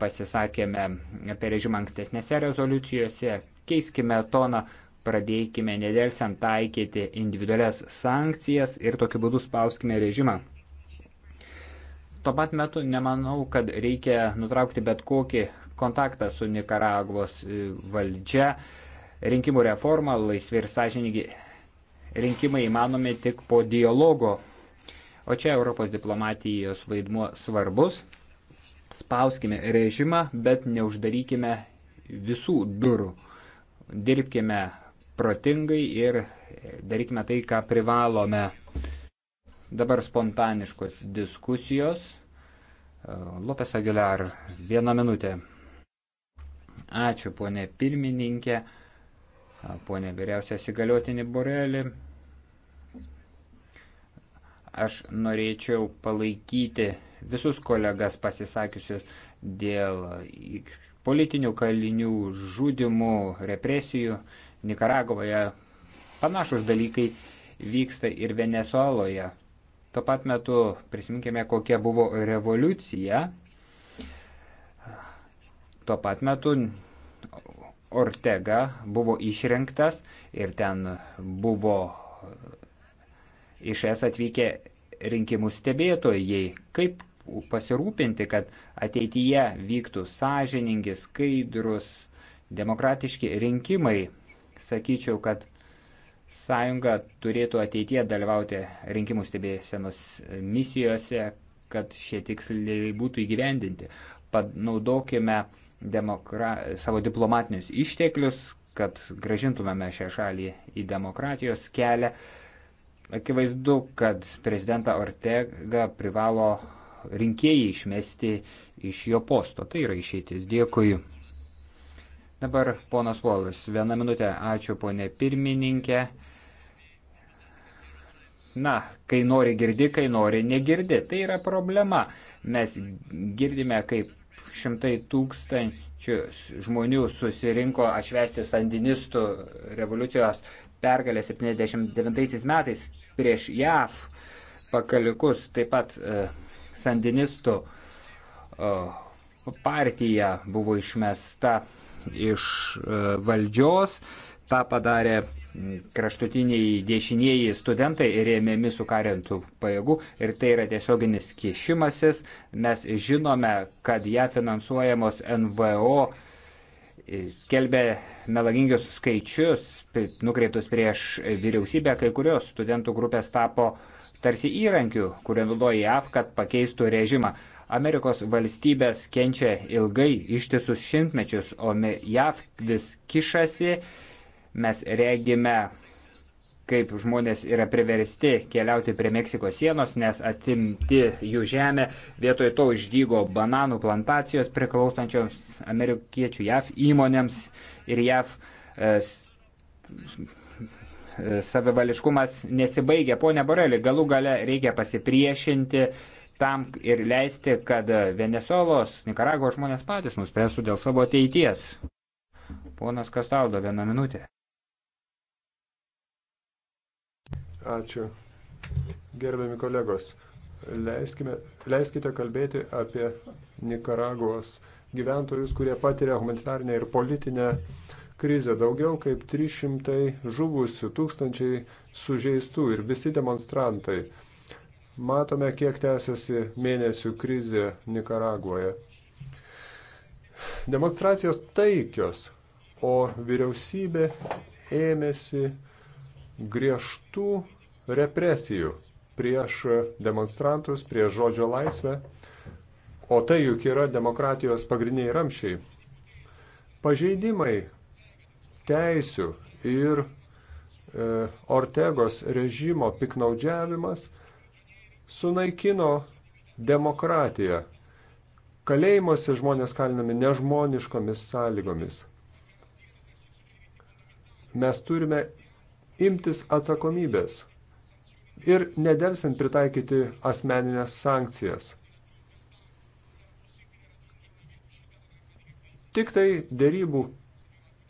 pasisakėme apie režimą ankstesnėse rezoliucijose, keiskime toną, pradėkime nedelsiant taikyti individualias sankcijas ir tokiu būdu spauskime režimą. Tuo pat metu nemanau, kad reikia nutraukti bet kokį kontaktą su Nikaragvos e, valdžia. Rinkimų reforma, laisvi ir sąžininkai rinkimai įmanomi tik po dialogo. O čia Europos diplomatijos vaidmuo svarbus. Spauskime režimą, bet neuždarykime visų durų. Dirbkime protingai ir darykime tai, ką privalome. Dabar spontaniškos diskusijos. Lopes Aguilar, vieną minutę. Ačiū, ponė pirmininkė, ponė vyriausias įgaliotinį Borelį. Aš norėčiau palaikyti visus kolegas pasisakiusius dėl politinių kalinių, žudimų, represijų. Nikaragvoje panašus dalykai vyksta ir Venezueloje. Tuo pat metu prisiminkime, kokia buvo revoliucija. Tuo pat metu Ortega buvo išrinktas ir ten buvo iš es atvykę rinkimų stebėtojai. Kaip pasirūpinti, kad ateityje vyktų sąžiningi, skaidrus, demokratiški rinkimai. Sakyčiau, kad sąjunga turėtų ateityje dalyvauti rinkimų stebėsenos misijose, kad šie tiksliai būtų įgyvendinti. Panaudokime demokra... savo diplomatinius išteklius, kad gražintumėme šią šalį į demokratijos kelią. Akivaizdu, kad prezidentą Ortega privalo rinkėjai išmesti iš jo posto. Tai yra išeitis. Dėkui. Dabar ponas Volas, vieną minutę. Ačiū ponė pirmininkė. Na, kai nori girdi, kai nori negirdi. Tai yra problema. Mes girdime, kaip šimtai tūkstančių žmonių susirinko atšvesti sandinistų revoliucijos pergalę 79 metais prieš JAV pakalikus, taip pat e, sandinistų e, partija buvo išmesta iš e, valdžios, tą padarė kraštutiniai dešinieji studentai rėmiami sukarintų pajėgų ir tai yra tiesioginis kišimasis. Mes žinome, kad ją finansuojamos NVO skelbė melagingius skaičius, nukreiptus prieš vyriausybę, kai kurios studentų grupės tapo tarsi įrankiu, kurį naudoja JAV, kad pakeistų režimą. Amerikos valstybės kenčia ilgai, ištisus šimtmečius, o JAV vis kišasi. Mes regime kaip žmonės yra priversti keliauti prie Meksikos sienos, nes atimti jų žemę, vietoj to išdygo bananų plantacijos priklausančioms amerikiečių JAV įmonėms ir JAV e, e savivališkumas nesibaigia. Pone Borelį, galų gale reikia pasipriešinti tam ir leisti, kad Venezuelos, Nikaragvos žmonės patys nuspręstų dėl savo ateities. Ponas Kastaldo, vieną minutę. Ačiū. Gerbiami kolegos, leiskime, leiskite kalbėti apie Nikaragos gyventojus, kurie patiria humanitarinę ir politinę krizę. Daugiau kaip 300 žuvusių, tūkstančiai sužeistų ir visi demonstrantai. Matome, kiek tęsiasi mėnesių krizė Nikaragoje. Demonstracijos taikios, o vyriausybė ėmėsi griežtų represijų prieš demonstrantus, prieš žodžio laisvę, o tai juk yra demokratijos pagrindiniai ramšiai. Pažeidimai teisių ir e, Ortegos režimo piknaudžiavimas sunaikino demokratiją. Kalėjimuose žmonės kalinami nežmoniškomis sąlygomis. Mes turime imtis atsakomybės ir nedelsint pritaikyti asmeninės sankcijas. Tik tai dėrybų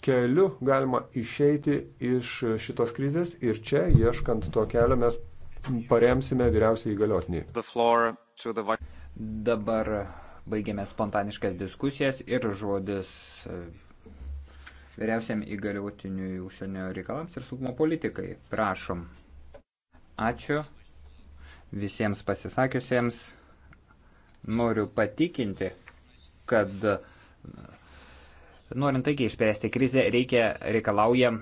keliu galima išeiti iš šitos krizės ir čia, ieškant to kelio, mes paremsime vyriausiai įgaliotinį. The... Dabar baigėme spontaniškas diskusijas ir žodis vyriausiam įgaliotiniui užsienio reikalams ir saugumo politikai. Prašom. Ačiū visiems pasisakiusiems. Noriu patikinti, kad norint taikiai išspręsti krizę, reikia reikalauja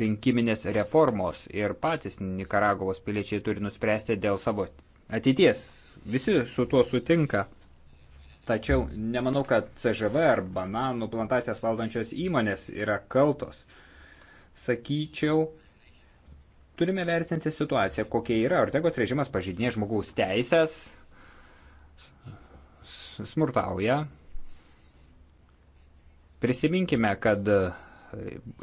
rinkiminės reformos ir patys Nikaragvos piliečiai turi nuspręsti dėl savo ateities. Visi su tuo sutinka. Tačiau nemanau, kad CŽV ar bananų plantacijas valdančios įmonės yra kaltos. Sakyčiau, turime vertinti situaciją, kokia yra. Ortegos režimas pažydinė žmogaus teisės, smurtauja. Prisiminkime, kad e,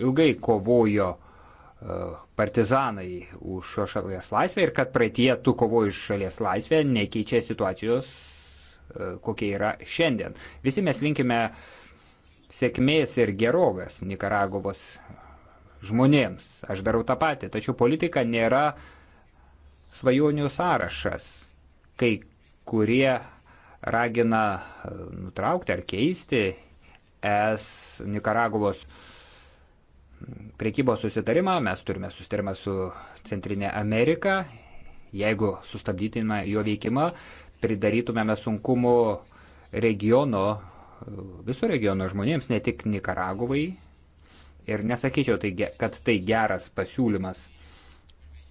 ilgai kovojo e, partizanai už šalies laisvę ir kad praeitie tų kovojų už šalies laisvę nekeičia situacijos E, kokie yra šiandien. Visi mes linkime sėkmės ir gerovės Nikaraguvos žmonėms. Aš darau tą patį, tačiau politika nėra svajonių sąrašas. Kai kurie ragina e, nutraukti ar keisti es Nikaraguvos priekybos susitarimą, mes turime susitarimą su Centrinė Amerika, jeigu sustabdytume jo veikimą, pridarytumėme sunkumų regiono, viso regiono žmonėms, ne tik Nikaraguvai. Ir nesakyčiau, tai, kad tai geras pasiūlymas.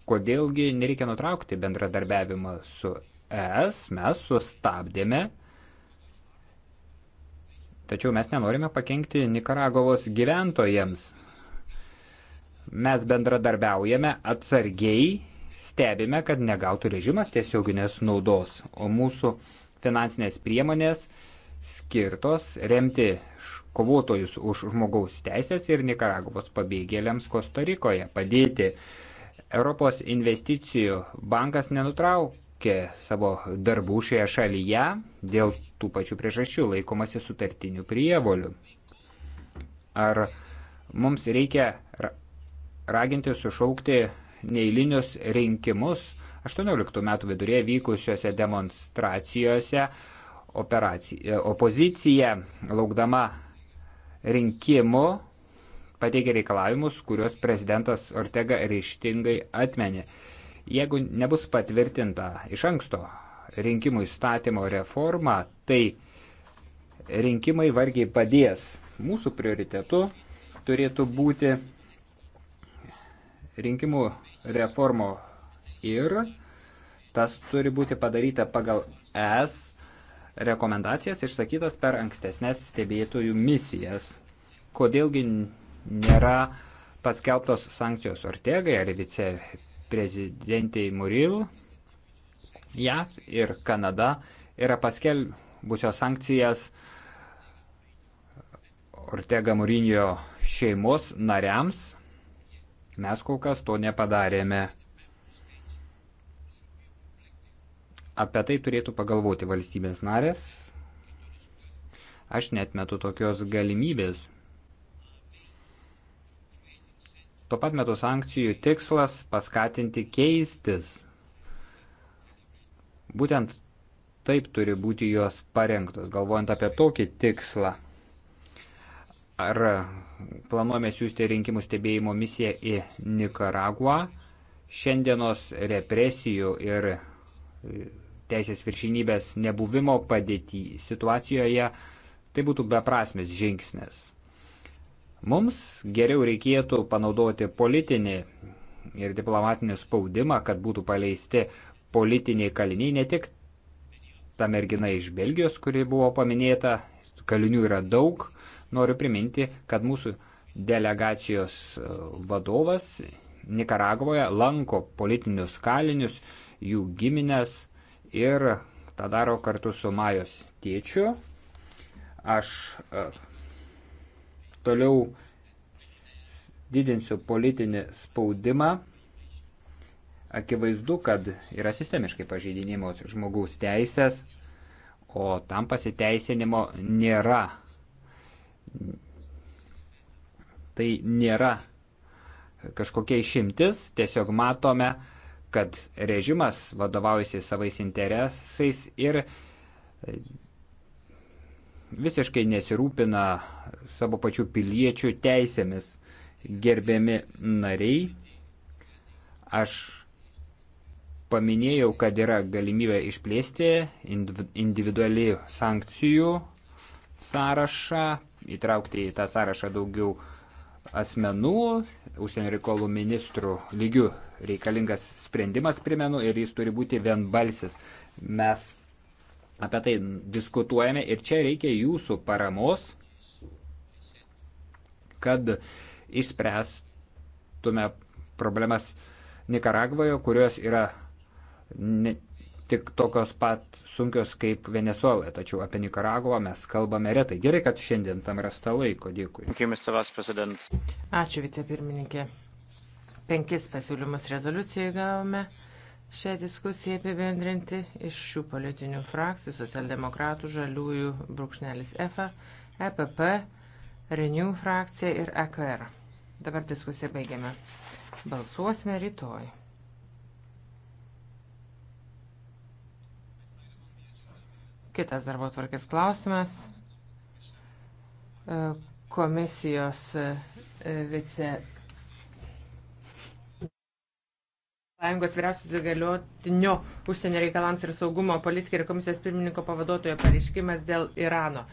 Kodėlgi nereikia nutraukti bendradarbiavimą su ES, mes sustabdėme, tačiau mes nenorime pakengti Nikaraguvos gyventojams. Mes bendradarbiaujame atsargiai stebime, kad negautų režimas tiesioginės naudos, o mūsų finansinės priemonės skirtos remti kovotojus už žmogaus teisės ir Nikaragvos pabėgėliams Kostarikoje padėti. Europos investicijų bankas nenutraukė savo darbų šioje šalyje dėl tų pačių priežasčių laikomasi sutartinių prievolių. Ar mums reikia raginti sušaukti neįlinius rinkimus 18 metų vidurėje vykusiuose demonstracijose operacija, e, opozicija, laukdama rinkimų, pateikė reikalavimus, kuriuos prezidentas Ortega ryštingai atmenė. Jeigu nebus patvirtinta iš anksto rinkimų įstatymo reforma, tai rinkimai vargiai padės. Mūsų prioritetu turėtų būti rinkimų reformo ir tas turi būti padaryta pagal ES rekomendacijas išsakytas per ankstesnės stebėtojų misijas. Kodėlgi nėra paskelbtos sankcijos Ortegai ar viceprezidentiai Muril, JAV ir Kanada yra paskelbusios sankcijas Ortega Murinio šeimos nariams Mes kol kas to nepadarėme. Apie tai turėtų pagalvoti valstybės narės. Aš net metu tokios galimybės. Tuo pat metu sankcijų tikslas paskatinti keistis. Būtent taip turi būti jos parengtos, galvojant apie tokį tikslą. Ar planuojame siūsti rinkimų stebėjimo misiją į Nikaragvą? Šiandienos represijų ir teisės viršinybės nebuvimo padėtį situacijoje tai būtų beprasmis žingsnis. Mums geriau reikėtų panaudoti politinį ir diplomatinį spaudimą, kad būtų paleisti politiniai kaliniai, ne tik ta mergina iš Belgijos, kuri buvo paminėta, kalinių yra daug, Noriu priminti, kad mūsų delegacijos e, vadovas Nikaragvoje lanko politinius kalinius, jų giminės ir tą daro kartu su Majos tėčiu. Aš e, toliau didinsiu politinį spaudimą. Akivaizdu, kad yra sistemiškai pažeidinimos žmogaus teisės, o tam pasiteisinimo nėra. Tai nėra kažkokia išimtis, tiesiog matome, kad režimas vadovaujasi savais interesais ir visiškai nesirūpina savo pačių piliečių teisėmis. Gerbiami nariai, aš paminėjau, kad yra galimybė išplėsti individualių sankcijų sąrašą, įtraukti į tą sąrašą daugiau asmenų, užsienio reikalų ministrų lygių reikalingas sprendimas, primenu, ir jis turi būti vienbalsis. Mes apie tai diskutuojame ir čia reikia jūsų paramos, kad išspręstume problemas Nikaragvoje, kurios yra tik tokios pat sunkios kaip Venezuela, tačiau apie Nikaragvą mes kalbame retai. Gerai, kad šiandien tam rasta laiko. Dėkui. Ačiū, vicepirmininkė. Penkis pasiūlymus rezoliucijai gavome. Šią diskusiją apibendrinti iš šių politinių frakcijų - socialdemokratų, žaliųjų, brūkšnelis EFA, EPP, Renew frakcija ir EKR. Dabar diskusiją baigiame. Balsuosime rytoj. Kitas darbo tvarkės klausimas. E, komisijos e, vice. Sąjungos vyriausios įgaliotinio užsienio reikalams ir saugumo politikai ir komisijos pirmininko pavaduotojo pareiškimas dėl Irano.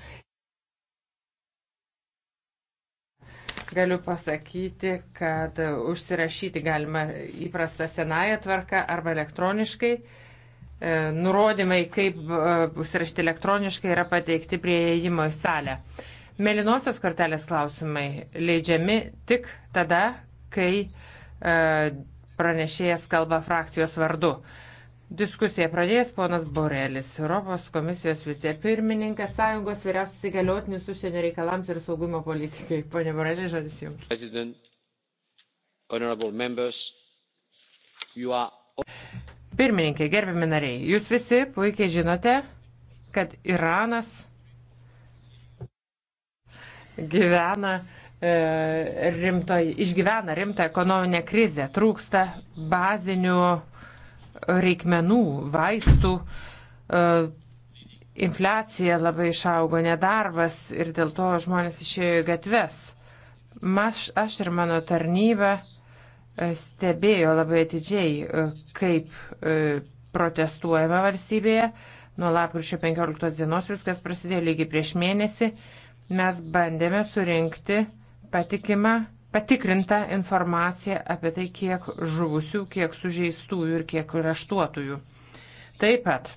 galiu pasakyti, kad užsirašyti galima įprastą senąją tvarką arba elektroniškai. E, nurodymai, kaip e, užsirašti elektroniškai, yra pateikti prie įėjimo į salę. Melinosios kortelės klausimai leidžiami tik tada, kai e, pranešėjas kalba frakcijos vardu. Diskusiją pradės ponas Borelis, Europos komisijos vicepirmininkas, sąjungos vyriausias įgaliotinis užsienio reikalams ir saugumo politikai. Pone Borelis, žodis jums. Pirmininkė, gerbiami nariai, jūs visi puikiai žinote, kad Iranas gyvena e, rimto, išgyvena rimtą ekonominę krizę, trūksta bazinių reikmenų, vaistų, e, infliacija labai išaugo, nedarbas ir dėl to žmonės išėjo į gatves. Maš, aš ir mano tarnyba E, stebėjo labai atidžiai, e, kaip e, protestuojama valstybėje. Nuo lapkričio 15 dienos viskas prasidėjo lygiai prieš mėnesį. Mes bandėme surinkti patikimą, patikrintą informaciją apie tai, kiek žuvusių, kiek sužeistųjų ir kiek raštuotųjų. Taip pat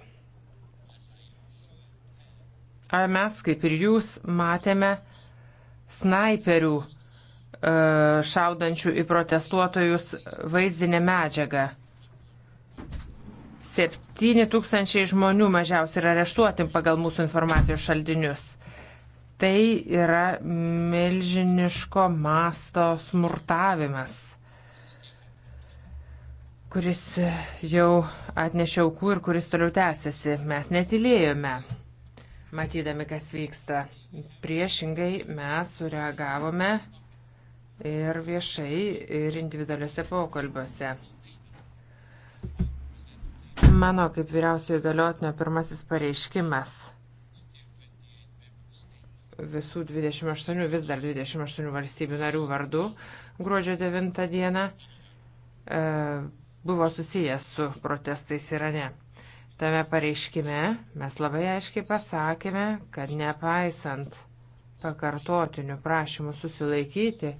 mes, kaip ir jūs, matėme snaiperių E, šaudančių į protestuotojus vaizdinę medžiagą. 7 tūkstančiai žmonių mažiausiai yra areštuoti pagal mūsų informacijos šaltinius. Tai yra milžiniško masto smurtavimas, kuris jau atnešė aukų ir kuris toliau tęsiasi. Mes netilėjome, matydami, kas vyksta. Priešingai mes sureagavome ir viešai, ir individualiuose pokalbiuose. Mano kaip vyriausiojo galiotinio pirmasis pareiškimas visų 28, vis dar 28 valstybių narių vardų gruodžio 9 dieną e, buvo susijęs su protestais Irane. Tame pareiškime mes labai aiškiai pasakėme, kad nepaisant pakartotinių prašymų susilaikyti,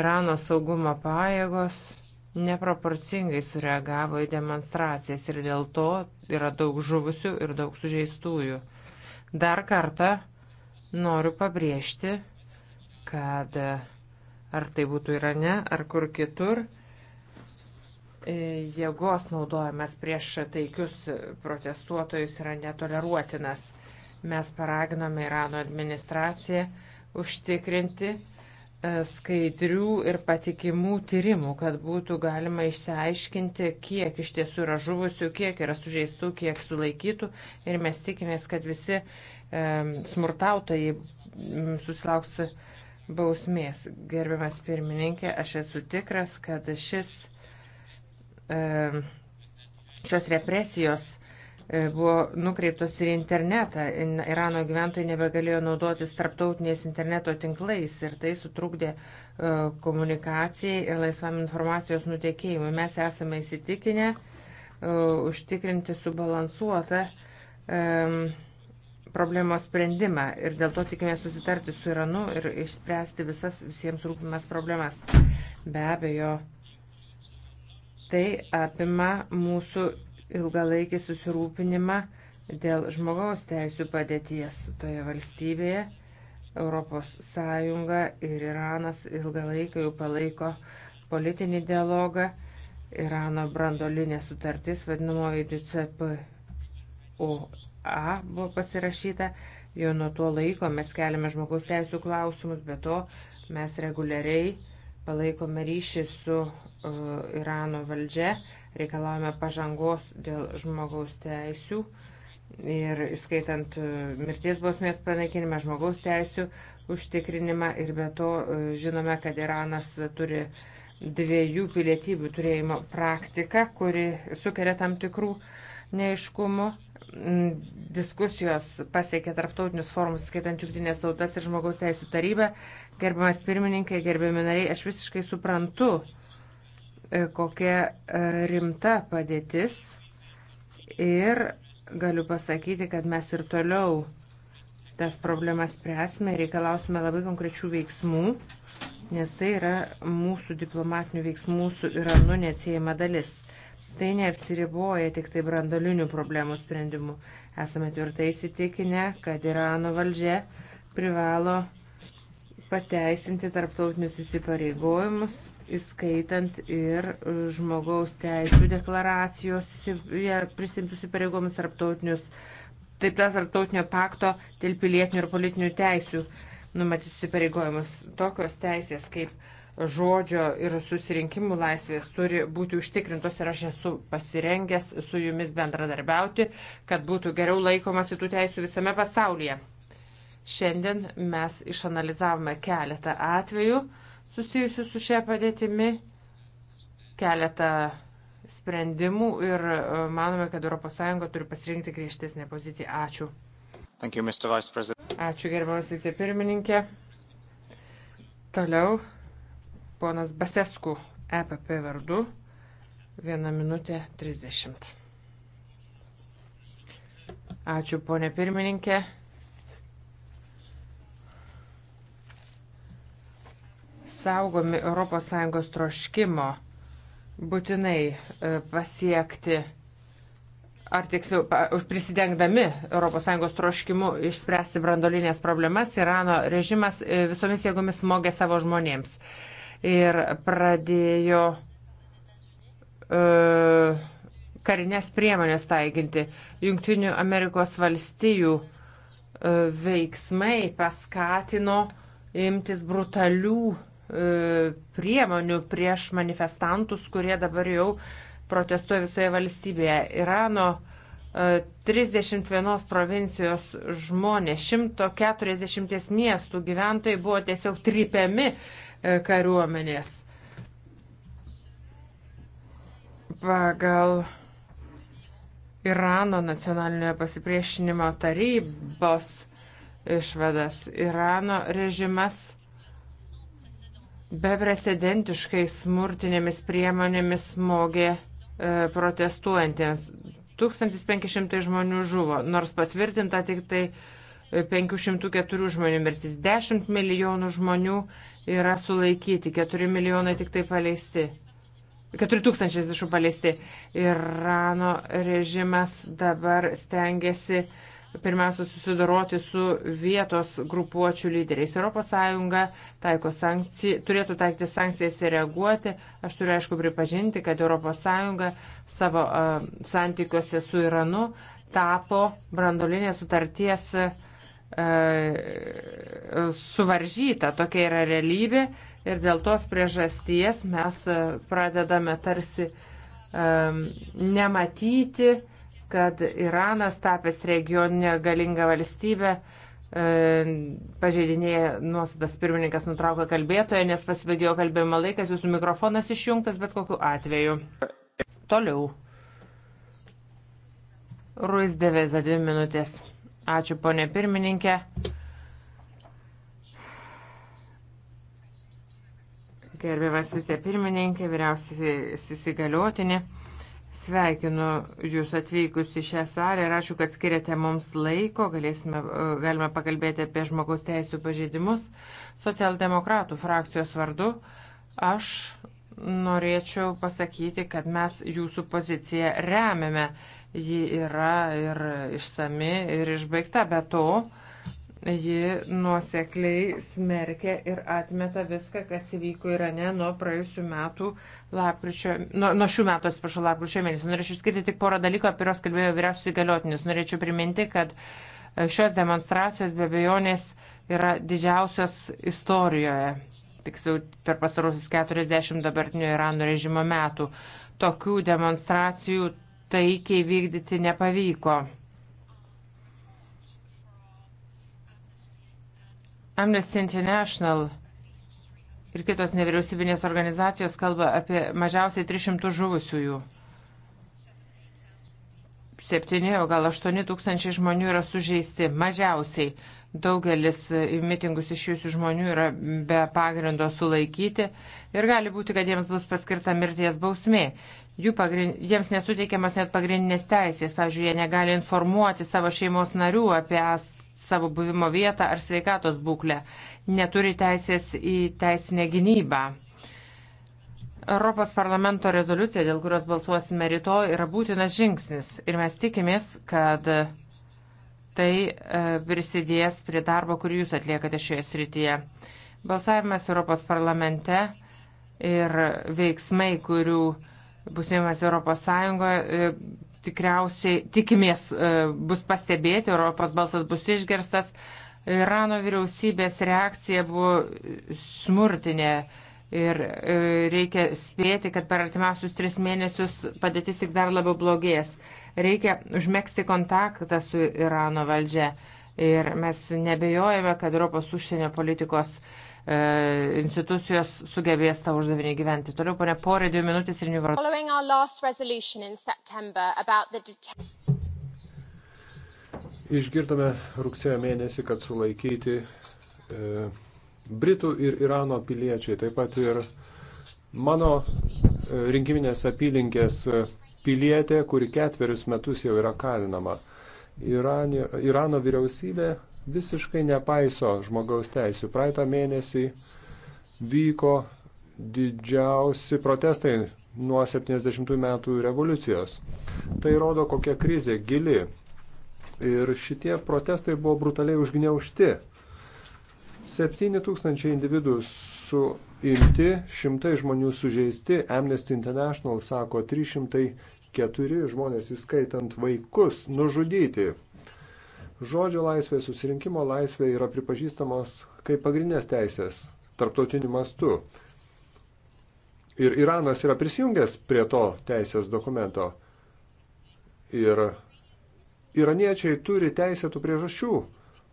Irano saugumo pajėgos neproporcingai sureagavo į demonstracijas ir dėl to yra daug žuvusių ir daug sužeistųjų. Dar kartą noriu pabrėžti, kad ar tai būtų Irane, ar kur kitur, e, jėgos naudojimas prieš taikius protestuotojus yra netoleruotinas. Mes paraginome Irano administraciją užtikrinti, E, skaidrių ir patikimų tyrimų, kad būtų galima išsiaiškinti, kiek iš tiesų yra žuvusių, kiek yra sužeistų, kiek sulaikytų. Ir mes tikimės, kad visi e, smurtautojai susilauks bausmės. Gerbiamas pirmininkė, aš esu tikras, kad šis, e, šios represijos E, buvo nukreiptos ir internetą. Irano gyventojai nebegalėjo naudotis tarptautiniais interneto tinklais ir tai sutrukdė e, komunikacijai ir laisvam informacijos nutekėjimui. Mes esame įsitikinę e, užtikrinti subalansuotą problemos sprendimą ir dėl to tikime susitarti su Iranu ir išspręsti visas visiems rūpimas problemas. Be abejo, tai apima mūsų ilgalaikį susirūpinimą dėl žmogaus teisų padėties toje valstybėje. ES ir Iranas ilgalaikai jau palaiko politinį dialogą. Irano brandolinė sutartis, vadinamoji DCPOA, buvo pasirašyta. Jau nuo to laiko mes keliame žmogaus teisų klausimus, bet to mes reguliariai palaikome ryšį su uh, Irano valdžia reikalavome pažangos dėl žmogaus teisių ir įskaitant e, mirties bausmės panaikinimą, žmogaus teisių užtikrinimą ir be to e, žinome, kad Iranas turi dviejų pilietybių turėjimo praktiką, kuri sukelia tam tikrų neiškumų. Mm, diskusijos pasiekė tarptautinius formus, skaitant Junktinės tautas ir žmogaus teisų tarybą. Gerbiamas pirmininkai, gerbiami nariai, aš visiškai suprantu, uh, E, kokia e, rimta padėtis ir galiu pasakyti, kad mes ir toliau tas problemas spręsime, reikalausime labai konkrečių veiksmų, nes tai yra mūsų diplomatinių veiksmų su Iranu neatsiejama dalis. Tai neapsiriboja tik tai brandolinių problemų sprendimu. Esame tvirtai įsitikinę, kad Irano valdžia privalo pateisinti tarptautinius įsipareigojimus, įskaitant ir e, žmogaus teisų deklaracijos prisimtus įpareigojimus tarptautinius, taip pat tarptautinio pakto dėl pilietinių ir politinių teisų numatytus įpareigojimus. Tokios teisės kaip žodžio ir susirinkimų laisvės turi būti užtikrintos ir aš esu pasirengęs su jumis bendradarbiauti, kad būtų geriau laikomasi tų teisų visame pasaulyje. Šiandien mes išanalizavome keletą atvejų susijusių su šia padėtimi, keletą sprendimų ir e, manome, kad ES turi pasirinkti griežtesnę poziciją. Ačiū. Thank you, Ačiū gerbiamas vicepirmininkė. Toliau ponas Basesku EPP vardu. Viena minutė 30. Ačiū ponė pirmininkė. saugomi ES troškimo būtinai e, pasiekti, ar tiksliau, prisidengdami ES troškimu išspręsti brandolinės problemas, Irano režimas e, visomis jėgomis smogė savo žmonėms ir pradėjo uh, karinės priemonės taikinti. Junktinių Amerikos valstijų uh, veiksmai paskatino imtis brutalių E, priemonių prieš manifestantus, kurie dabar jau protestuoja visoje valstybėje. Irano 31 e, provincijos žmonės, 140 miestų gyventojai buvo tiesiog tripiami e, kariuomenės. Pagal Irano nacionalinio pasipriešinimo tarybos išvadas Irano režimas beprecedentiškai smurtinėmis priemonėmis smogė e, protestuojantiems. 1500 žmonių žuvo, nors patvirtinta tik tai 504 e, žmonių mirtis. 10 milijonų žmonių yra sulaikyti, 4 milijonai tik tai paleisti. 4 tūkstančiai, atsiprašau, paleisti. Irano režimas dabar stengiasi uh, pirmiausia susidoroti su vietos grupuočių lyderiais. ES sankci, turėtų taikyti sankcijas ir reaguoti. Aš turiu aišku pripažinti, kad ES savo uh, santykiuose su Iranu tapo brandolinės sutarties uh, suvaržyta. Tokia yra realybė ir dėl tos priežasties mes pradedame tarsi um, nematyti, uh, kad Iranas tapęs regioninė galinga valstybė e, pažeidinėja nuostatas pirmininkas nutraukė kalbėtoją, nes pasibėgėjo kalbėjimo laikas, jūsų mikrofonas išjungtas bet kokiu atveju. Toliau. Ruiz Deveza, dvi minutės. Ačiū, ponė pirmininkė. Gerbiamas visie pirmininkė, vyriausiai įsigaliotinė. Visi Sveikinu Jūs atvykus į šią salę ir ačiū, kad skiriate mums laiko, Galėsime, galime pakalbėti apie žmogaus teisų pažeidimus. Socialdemokratų frakcijos vardu aš norėčiau pasakyti, kad mes Jūsų poziciją remiame. Ji yra ir išsami, ir išbaigta, bet to Ji nuosekliai smerkia ir atmeta viską, kas įvyko Irane nuo praėjusių metų lapkričio, nuo, nuo šių metų, atsiprašau, lapkričio mėnesio. Norėčiau išskirti tik porą dalykų, apie kuriuos kalbėjo vyriausias įgaliotinis. Norėčiau priminti, kad e, šios demonstracijos be bejonės yra didžiausios istorijoje, tiksliau per pasarusius 40 dabartinio Irano režimo metų. Tokių demonstracijų taikiai vykdyti nepavyko. Amnesty International ir kitos nevyriausybinės organizacijos kalba apie mažiausiai 300 žuvusiųjų. 7, o gal 8 tūkstančiai žmonių yra sužeisti, mažiausiai. Daugelis į mitingus išėjusių žmonių yra be pagrindo sulaikyti ir gali būti, kad jiems bus paskirta mirties bausmė. Pagrind... Jiems nesuteikiamas net pagrindinės teisės, pavyzdžiui, jie negali informuoti savo šeimos narių apie es savo buvimo vietą ar sveikatos būklę, neturi teisės į teisinę gynybą. Europos parlamento rezoliucija, dėl kurios balsuosime rytoj, yra būtinas žingsnis ir mes tikimės, kad tai e, prisidės prie darbo, kurį jūs atliekate šioje srityje. Balsavimas Europos parlamente ir veiksmai, kurių bus įmas Europos Sąjungoje tikriausiai tikimės e, bus pastebėti, Europos balsas bus išgirstas. Irano vyriausybės reakcija buvo smurtinė ir e, reikia spėti, kad per artimiausius tris mėnesius padėtis tik dar labiau blogės. Reikia užmėgsti kontaktą su Irano valdžia ir mes nebejojame, kad Europos užsienio politikos uh, E, institucijos sugebės tą uždavinį gyventi. Toliau, ponė, porė dvi minutės ir nevartoju. Išgirdome rugsėjo mėnesį, kad sulaikyti e, Britų ir Irano piliečiai, taip pat ir mano e, rinkiminės apylinkės e, pilietė, kuri ketverius metus jau yra kalinama. Iranio, Irano vyriausybė visiškai nepaiso žmogaus teisų. Praeitą mėnesį vyko didžiausi protestai nuo 70 metų revoliucijos. Tai rodo, kokia krizė gili. Ir šitie protestai buvo brutaliai užgneušti. 7 tūkstančiai individų suimti, šimtai žmonių sužeisti, Amnesty International sako 304 žmonės, įskaitant vaikus, nužudyti. Žodžio laisvė, susirinkimo laisvė yra pripažįstamos kaip pagrindinės teisės tarptautiniu mastu. Ir Iranas yra prisijungęs prie to teisės dokumento. Ir iraniečiai turi teisėtų priežasčių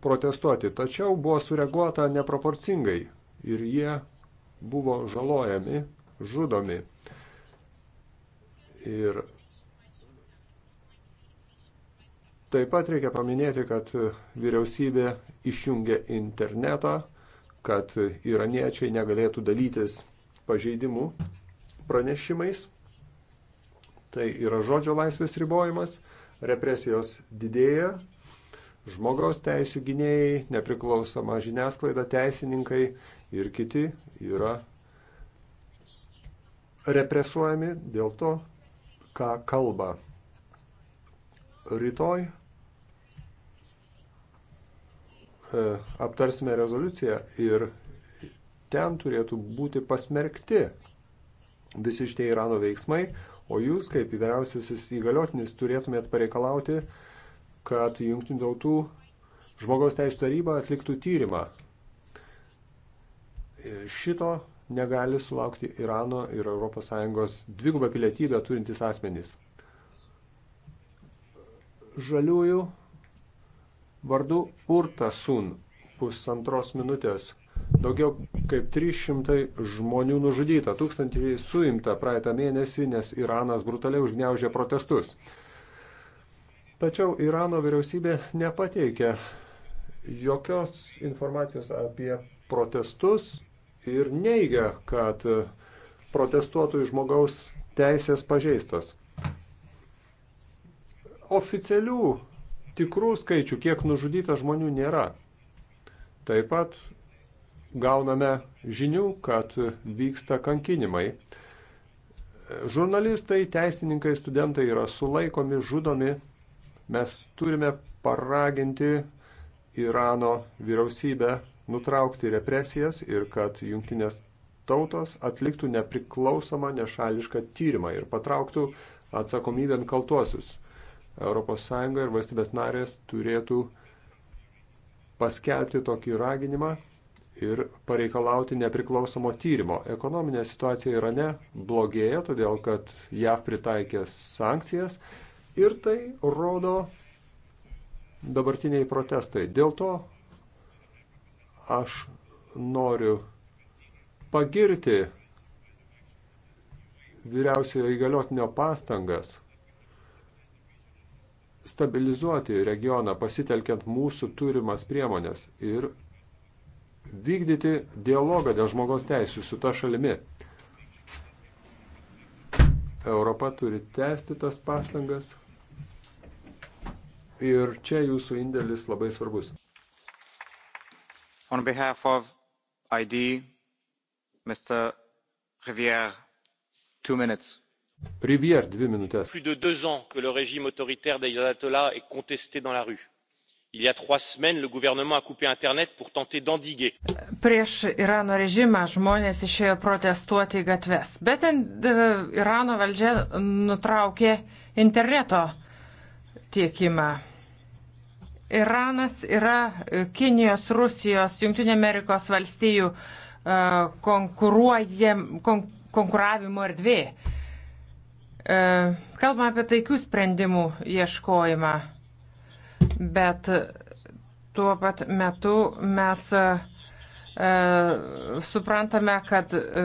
protestuoti, tačiau buvo sureaguota neproporcingai ir jie buvo žalojami, žudomi. Ir Taip pat reikia paminėti, kad vyriausybė išjungia internetą, kad iraniečiai negalėtų dalytis pažeidimų pranešimais. Tai yra žodžio laisvės ribojimas, represijos didėja, žmogaus teisų gynėjai, nepriklausoma žiniasklaida, teisininkai ir kiti yra represuojami dėl to, ką kalba. Rytoj E, aptarsime rezoliuciją ir ten turėtų būti pasmerkti visi šitie Irano veiksmai, o jūs, kaip vyriausiasis įgaliotinis, turėtumėt pareikalauti, kad Junktinių tautų žmogaus teisų taryba atliktų tyrimą. E, šito negali sulaukti Irano ir ES dvigubą pilietybę turintys asmenys. Žaliųjų vardu Urtasun pusantros minutės. Daugiau kaip 300 žmonių nužudyta, tūkstančiai suimta praeitą mėnesį, nes Iranas brutaliai užgneužė protestus. Tačiau Irano vyriausybė nepateikė jokios informacijos apie protestus ir neigia, kad protestuotojų žmogaus teisės pažeistos. Oficialių tikrų skaičių, kiek nužudyta žmonių nėra. Taip pat gauname žinių, kad vyksta kankinimai. Žurnalistai, teisininkai, studentai yra sulaikomi, žudomi. Mes turime paraginti Irano vyriausybę nutraukti represijas ir kad jungtinės tautos atliktų nepriklausomą nešališką tyrimą ir patrauktų atsakomybę kaltuosius. ES ir valstybės narės turėtų paskelbti tokį raginimą ir pareikalauti nepriklausomo tyrimo. Ekonominė situacija Irane blogėja, todėl kad JAV pritaikė sankcijas ir tai rodo dabartiniai protestai. Dėl to aš noriu pagirti vyriausiojo įgaliotinio pastangas stabilizuoti regioną pasitelkiant mūsų turimas priemonės ir vykdyti dialogą dėl žmogaus teisų su ta šalimi. Europa turi tęsti tas pastangas ir čia jūsų indėlis labai svarbus. On behalf of ID, Mr. Rivière, two minutes. Rivière, dvi minutės. Plus de deux ans que le régime autoritaire des ayatollahs est contesté dans la rue. Il y a trois semaines, le gouvernement a coupé Internet pour tenter d'endiguer. Prieš Irano režimą žmonės išėjo protestuoti į gatves, bet ten, uh, Irano valdžia nutraukė interneto tiekimą. Iranas yra Kinijos, Rusijos, Junktinė Amerikos valstijų uh, konkuruojam, kon, konkuravimo erdvė. Uh, E, Kalbame apie taikių sprendimų ieškojimą, bet tuo pat metu mes e, suprantame, kad e,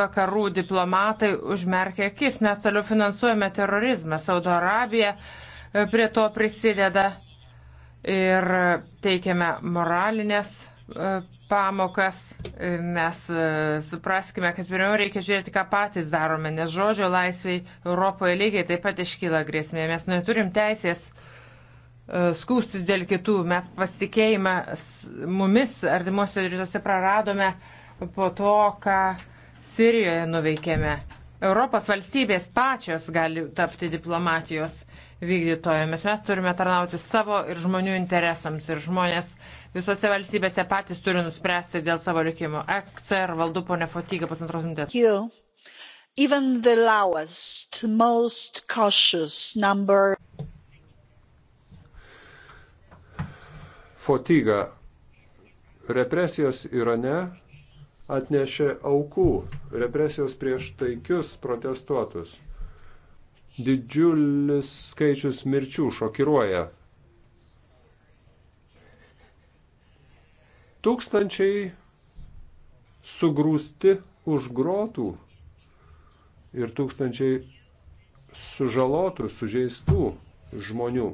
vakarų diplomatai užmerkia akis, mes toliau finansuojame terorizmą, Saudo Arabija prie to prisideda ir teikiame moralinės pamokas, mes e, supraskime, kad pirmiau reikia žiūrėti, ką patys darome, nes žodžio laisviai Europoje lygiai taip pat iškyla grėsmė. Mes neturim teisės e, skūstis dėl kitų, mes pasitikėjimą mumis artimuosiuose rytuose praradome po to, ką Sirijoje nuveikėme. Europos valstybės pačios gali tapti diplomatijos vykdytojomis. Mes turime tarnauti savo ir žmonių interesams ir žmonės uh, visose valstybėse patys turi nuspręsti dėl savo likimo. ECR valdu ponė Fotyga pusantros minutės. Even the lowest, most cautious number. Fotyga. Represijos Irane atnešė aukų. Represijos prieš taikius protestuotus. Didžiulis skaičius mirčių šokiruoja Tūkstančiai sugrūsti už grotų ir tūkstančiai sužalotų, sužeistų žmonių.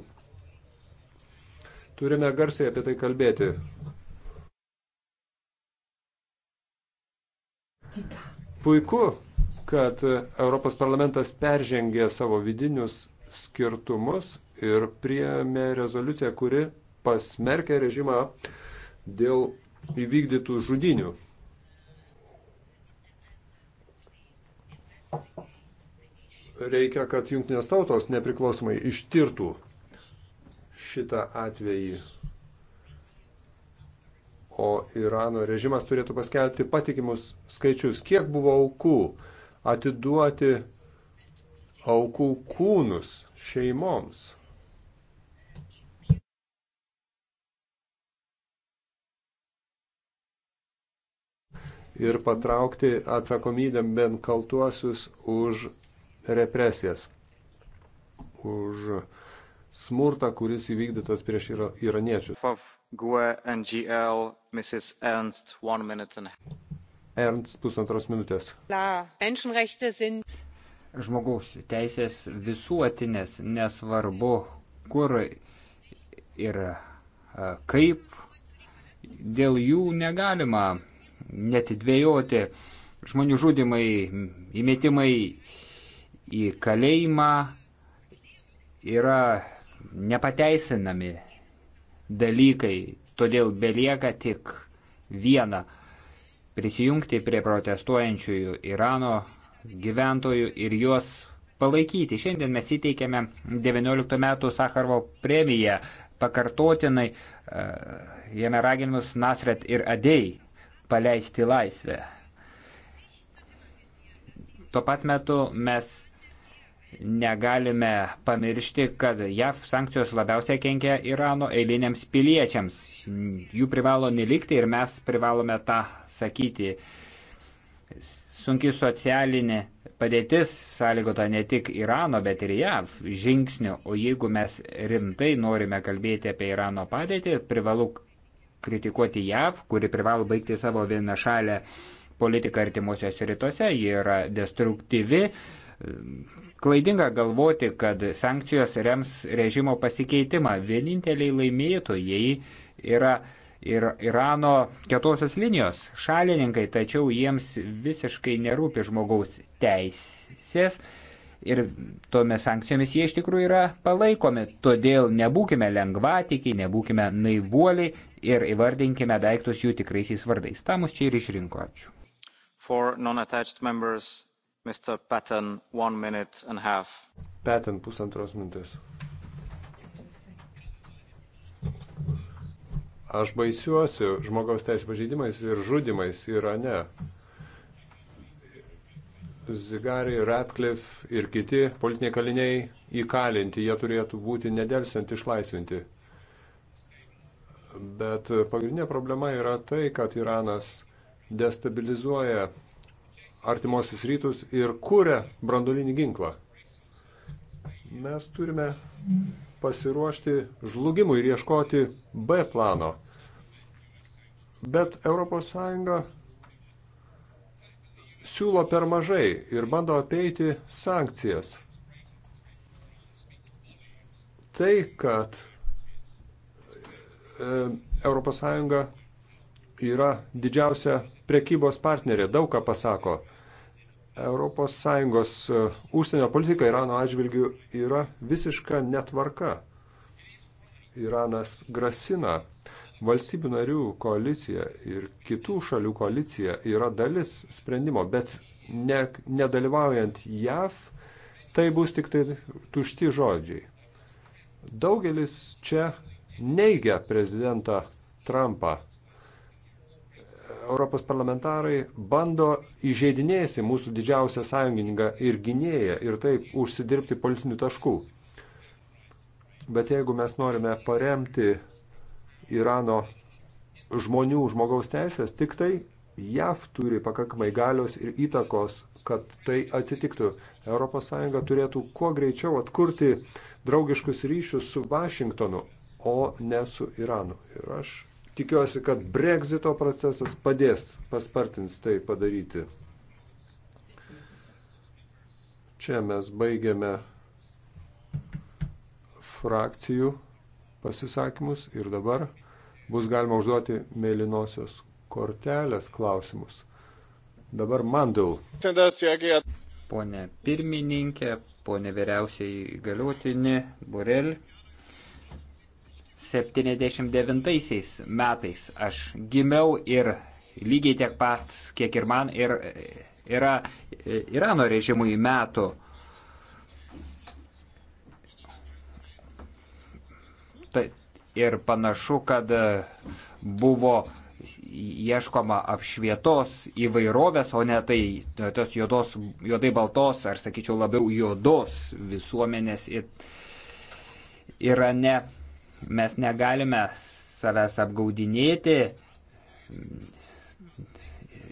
Turime garsiai apie tai kalbėti. Puiku, kad Europos parlamentas peržengė savo vidinius skirtumus ir priėmė rezoliuciją, kuri pasmerkė režimą dėl įvykdytų žudinių. Reikia, kad jungtinės tautos nepriklausomai ištirtų šitą atvejį. O Irano režimas turėtų paskelbti patikimus skaičius, kiek buvo aukų, atiduoti aukų kūnus šeimoms. ir patraukti atsakomybę bent kaltuosius už represijas, už smurtą, kuris įvykdytas prieš iraniečius. NGL, Ernst, Ernst, pusantros minutės. Žmogaus teisės visuotinės, nesvarbu kur ir kaip, dėl jų negalima netidvėjoti. Žmonių žudimai, įmetimai į kalėjimą yra nepateisinami dalykai, todėl belieka tik viena - prisijungti prie protestuojančiųjų Irano gyventojų ir juos palaikyti. Šiandien mes įteikėme 19 metų Sakarvo premiją pakartotinai e, jame raginimus Nasret ir Adei paleisti laisvę. Tuo pat metu mes negalime pamiršti, kad JAV sankcijos labiausiai kenkia Irano eiliniams piliečiams. Jų privalo nelikti ir mes privalome tą sakyti. Sunki socialinė padėtis sąlygota ne tik Irano, bet ir JAV žingsnių. O jeigu mes rimtai norime kalbėti apie Irano padėtį, privalu kritikuoti JAV, kuri privalo baigti savo vienašalę politiką artimuosiuose rytuose, ji yra destruktyvi. Klaidinga galvoti, kad sankcijos rems režimo pasikeitimą. Vieninteliai laimėtojai yra ir Irano kietosios linijos šalininkai, tačiau jiems visiškai nerūpi žmogaus teisės ir tomis sankcijomis jie iš tikrųjų yra palaikomi. Todėl nebūkime lengvatikiai, nebūkime naivuoliai ir įvardinkime daiktus jų tikraisiais vardais. Tam mus čia ir išrinko. Ačiū. Members, Patton, Patton pusantros minutės. Aš baisiuosiu žmogaus teisų pažeidimais ir žudimais Irane. Ir Zigari, Ratcliffe ir kiti politiniai kaliniai įkalinti, jie turėtų būti nedelsiant išlaisvinti. Bet pagrindinė problema yra tai, kad Iranas destabilizuoja artimuosius rytus ir kuria brandolinį ginklą. Mes turime pasiruošti žlugimui ir ieškoti B plano. Bet ES siūlo per mažai ir bando apeiti sankcijas. Tai, kad ES yra didžiausia prekybos partnerė, daug ką pasako. ES e, užsienio politika Irano atžvilgių yra visiška netvarka. Iranas grasina Valstybių narių koalicija ir kitų šalių koalicija yra dalis sprendimo, bet ne, nedalyvaujant JAV, tai bus tik tai tušti žodžiai. Daugelis čia neigia prezidentą Trumpą. Europos parlamentarai bando įžeidinėsi mūsų didžiausią sąjungininką ir gynėją ir taip užsidirbti politinių taškų. Bet jeigu mes norime paremti Irano žmonių žmogaus teisės, tik tai JAV turi pakankamai galios ir įtakos, kad tai atsitiktų. ES turėtų kuo greičiau atkurti draugiškus ryšius su Vašingtonu, o ne su Iranu. Ir aš tikiuosi, kad Brexito procesas padės, paspartins tai padaryti. Čia mes baigiame frakcijų pasisakymus ir dabar bus galima užduoti mėlynosios kortelės klausimus. Dabar Mandul. Pone pirmininkė, pone vyriausiai galiuotinė, Burel. 79 metais aš gimiau ir lygiai tiek pat, kiek ir man, ir e, yra e, Irano režimui metų. ir panašu, kad e, buvo ieškoma apšvietos įvairovės, o ne tai e, tos juodos, juodai baltos, ar sakyčiau labiau juodos visuomenės Irane. Mes negalime savęs apgaudinėti.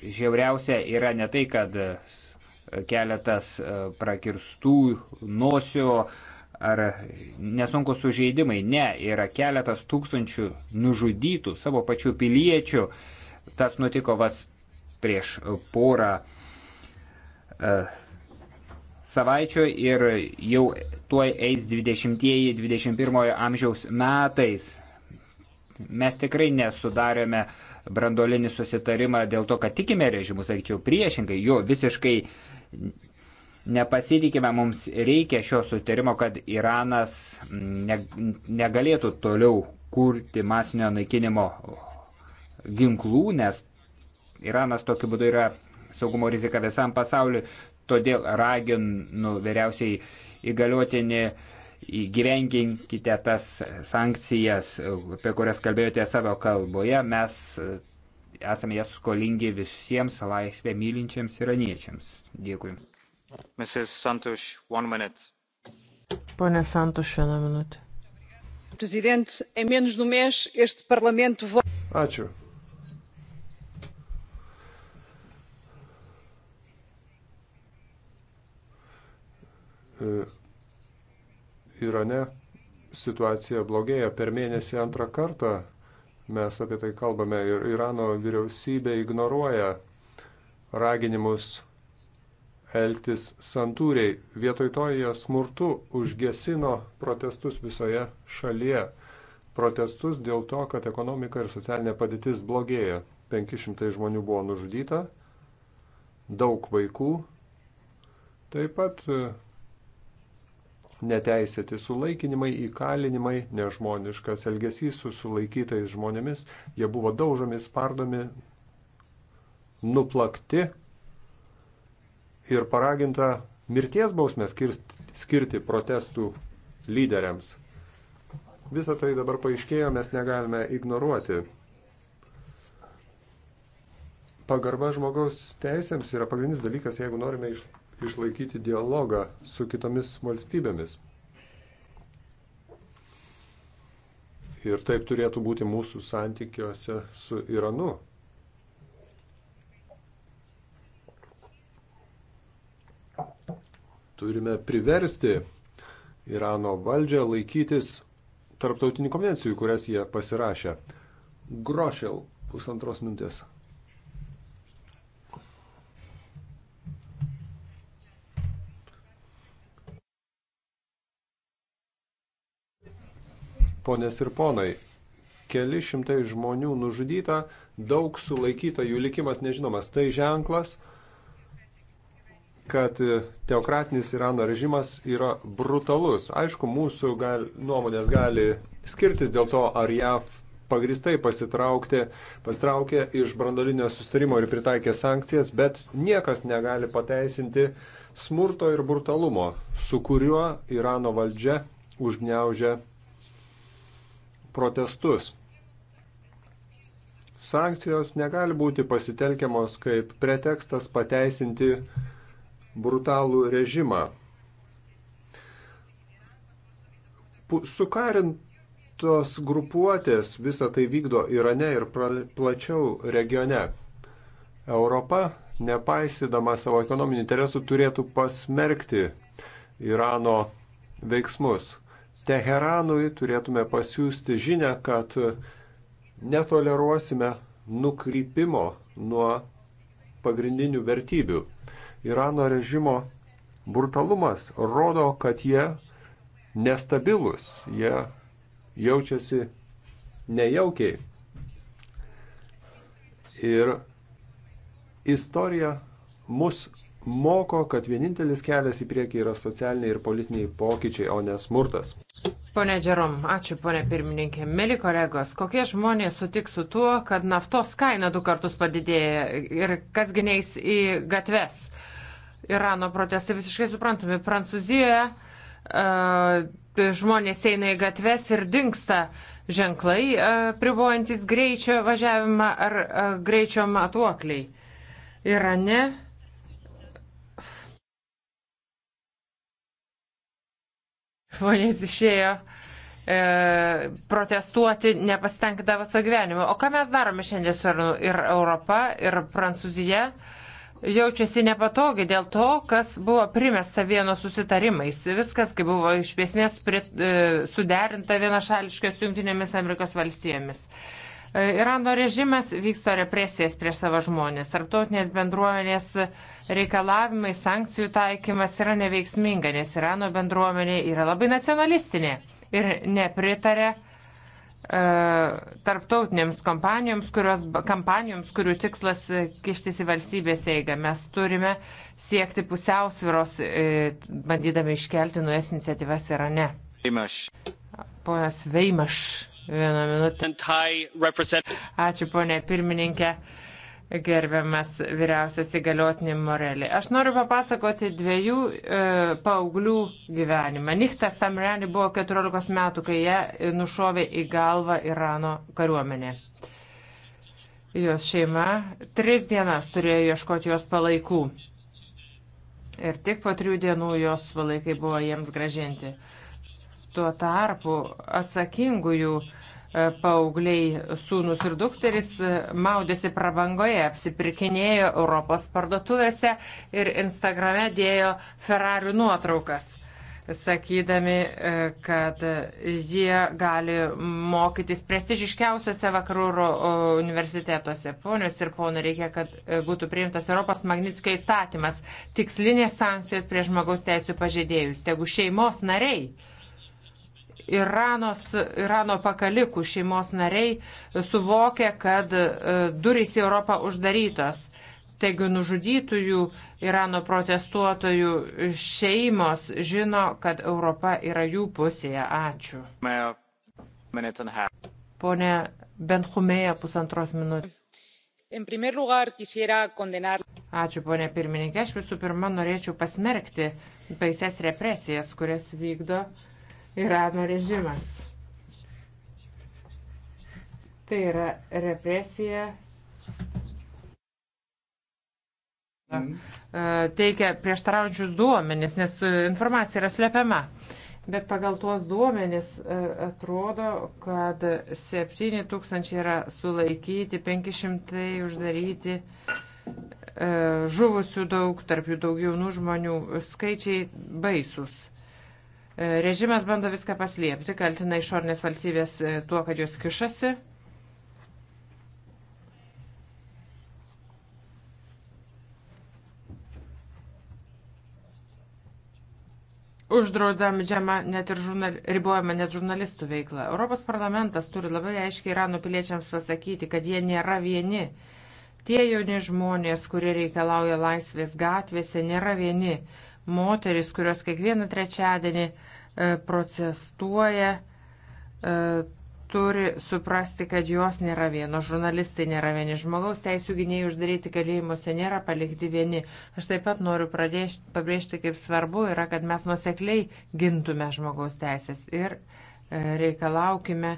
Žiauriausia yra ne tai, kad e, keletas prakirstų nosių ar nesunkus sužeidimai. Ne, yra keletas tūkstančių nužudytų savo pačių piliečių. Tas nutiko vas prieš porą e, savaičių ir jau tuoj eis 20-21 amžiaus metais. Mes tikrai nesudarėme brandolinį susitarimą dėl to, kad tikime režimu, sakyčiau, priešingai, jo visiškai nepasitikime, mums reikia šio sutarimo, kad Iranas negalėtų toliau kurti masinio naikinimo ginklų, nes Iranas tokiu būdu yra saugumo rizika visam pasauliu, todėl raginu vyriausiai įgaliotinį įgyvenkinkite tas sankcijas, apie kurias kalbėjote savo kalboje, mes esame jas skolingi visiems laisvę mylinčiams iraniečiams. Dėkui. Mrs. Santuš, one minute. Pone Santuš, vieną minutę. Prezident, em menos de um mês este Parlamento vota. Ačiū. E, Irane situacija blogėja. Per mėnesį antrą kartą mes apie tai kalbame ir Irano vyriausybė ignoruoja raginimus elgtis santūriai. Vietoj to jie smurtu užgesino protestus visoje šalyje. Protestus dėl to, kad ekonomika ir socialinė padėtis blogėja. 500 žmonių buvo nužudyta, daug vaikų, taip pat e, neteisėti sulaikinimai, įkalinimai, nežmoniškas elgesys su sulaikytais žmonėmis, jie buvo daužomi, spardomi, nuplakti ir paraginta mirties bausmę skirti protestų lyderiams. Visą tai dabar paaiškėjo, mes negalime ignoruoti. Pagarba žmogaus teisėms yra pagrindinis dalykas, jeigu norime išlaikyti dialogą su kitomis valstybėmis. Ir taip turėtų būti mūsų santykiuose su Iranu. Turime priversti Irano valdžią laikytis tarptautinių konvencijų, kurias jie pasirašė. Grošėl pusantros minutės. Ponės ir ponai, keli šimtai žmonių nužudyta, daug sulaikyta, jų likimas nežinomas. Tai ženklas, kad teokratinis Irano režimas yra brutalus. Aišku, mūsų gal, nuomonės gali skirtis dėl to, ar JAV pagristai pasitraukė, pasitraukė iš brandolinio sustarimo ir pritaikė sankcijas, bet niekas negali pateisinti smurto ir brutalumo, su kuriuo Irano valdžia užgneužia protestus. Sankcijos negali būti pasitelkiamos kaip pretekstas pateisinti brutalų režimą. Sukarintos grupuotės visą tai vykdo Irane ir plačiau regione. Europa, nepaisydama savo ekonominių interesų, turėtų pasmerkti Irano veiksmus. Teheranui turėtume pasiūsti žinę, kad netoleruosime nukrypimo nuo pagrindinių vertybių. Irano režimo brutalumas rodo, kad jie nestabilus, jie jaučiasi nejaukiai. Ir istorija mus moko, kad vienintelis kelias į priekį yra socialiniai ir politiniai pokyčiai, o ne smurtas. Pone Džerom, ačiū pone pirmininkė. Mėly kolegos, kokie žmonės sutiks su tuo, kad naftos kaina du kartus padidėja ir kasgi neis į gatves? Irano protestai visiškai suprantami. Prancūzijoje uh, žmonės eina į gatves ir dinksta ženklai uh, e, pribuojantis greičio važiavimą ar uh, greičio matuokliai. Irane. Žmonės išėjo e, protestuoti nepasitenkindavo savo gyvenimu. O ką mes darome šiandien su ir Europa, ir Prancūzija? E, jaučiasi nepatogiai dėl to, kas buvo primesta vieno susitarimais. Viskas, kai buvo iš esmės e, suderinta vienašališkai su Junktinėmis Amerikos valstijomis. E, Irano režimas vyksto represijas prieš savo žmonės. Tarptautinės bendruomenės reikalavimai, sankcijų taikymas yra neveiksminga, nes Irano bendruomenė yra labai nacionalistinė ir nepritarė uh, E, tarptautinėms kompanijoms, kurios, kampanijoms, kurių tikslas kištis į valstybės eigą. Mes turime siekti pusiausviros, e, bandydami iškelti nuės iniciatyvas ir ne. Veimaš. Ponas Veimaš, vieną minutę. Ačiū, ponė pirmininkė gerbiamas vyriausias įgaliotinė Morelė. Aš noriu papasakoti dviejų e, paauglių gyvenimą. Nikta Samrani buvo 14 metų, kai ją e, nušovė į galvą Irano kariuomenė. Jos šeima tris dienas turėjo ieškoti jos palaikų. Ir tik po trijų dienų jos palaikai buvo jiems gražinti. Tuo tarpu atsakingųjų jų E, paaugliai sūnus ir dukteris e, maudėsi prabangoje, apsipirkinėjo Europos parduotuvėse ir Instagrame dėjo Ferrari nuotraukas, sakydami, e, kad jie gali mokytis prestižiškiausiose vakarų universitetuose. Ponios ir ponai, reikia, kad būtų priimtas Europos Magnitskio įstatymas, tikslinės sankcijos prie žmogaus teisų pažeidėjus, tegu šeimos nariai Iranos, Irano pakalikų šeimos nariai suvokė, kad e, durys į Europą uždarytos. Taigi nužudytųjų Irano protestuotojų šeimos žino, kad Europa yra jų pusėje. Ačiū. Pone Benhumėja, pusantros minutės. Ačiū, ponė pirmininkė. Aš visų pirma norėčiau pasmerkti baises represijas, kurias vykdo uh, Irano režimas. Tai yra represija. Mm. E, teikia prieštaraujančius duomenis, nes e, informacija yra slepiama. Bet pagal tuos duomenis e, atrodo, kad 7 tūkstančiai yra sulaikyti, 500 uždaryti, žuvusių daug, tarp jų daug jaunų žmonių. Skaičiai baisus. E, režimas bando viską paslėpti, kaltina išornės valstybės e, tuo, kad jos kišasi. Uždraudama net ir žurnal, ribojama net žurnalistų veikla. Europos parlamentas turi labai aiškiai Irano piliečiams pasakyti, kad jie nėra vieni. Tie jauni žmonės, kurie reikalauja laisvės gatvėse, nėra vieni moteris, kurios kiekvieną trečiadienį e, protestuoja, e, turi suprasti, kad jos nėra vieno, žurnalistai nėra vieni, žmogaus teisų gynėjai uždaryti kalėjimuose nėra palikti vieni. Aš taip pat noriu pradėšti, pabrėžti, kaip svarbu yra, kad mes nusekliai gintume žmogaus teisės ir e, reikalaukime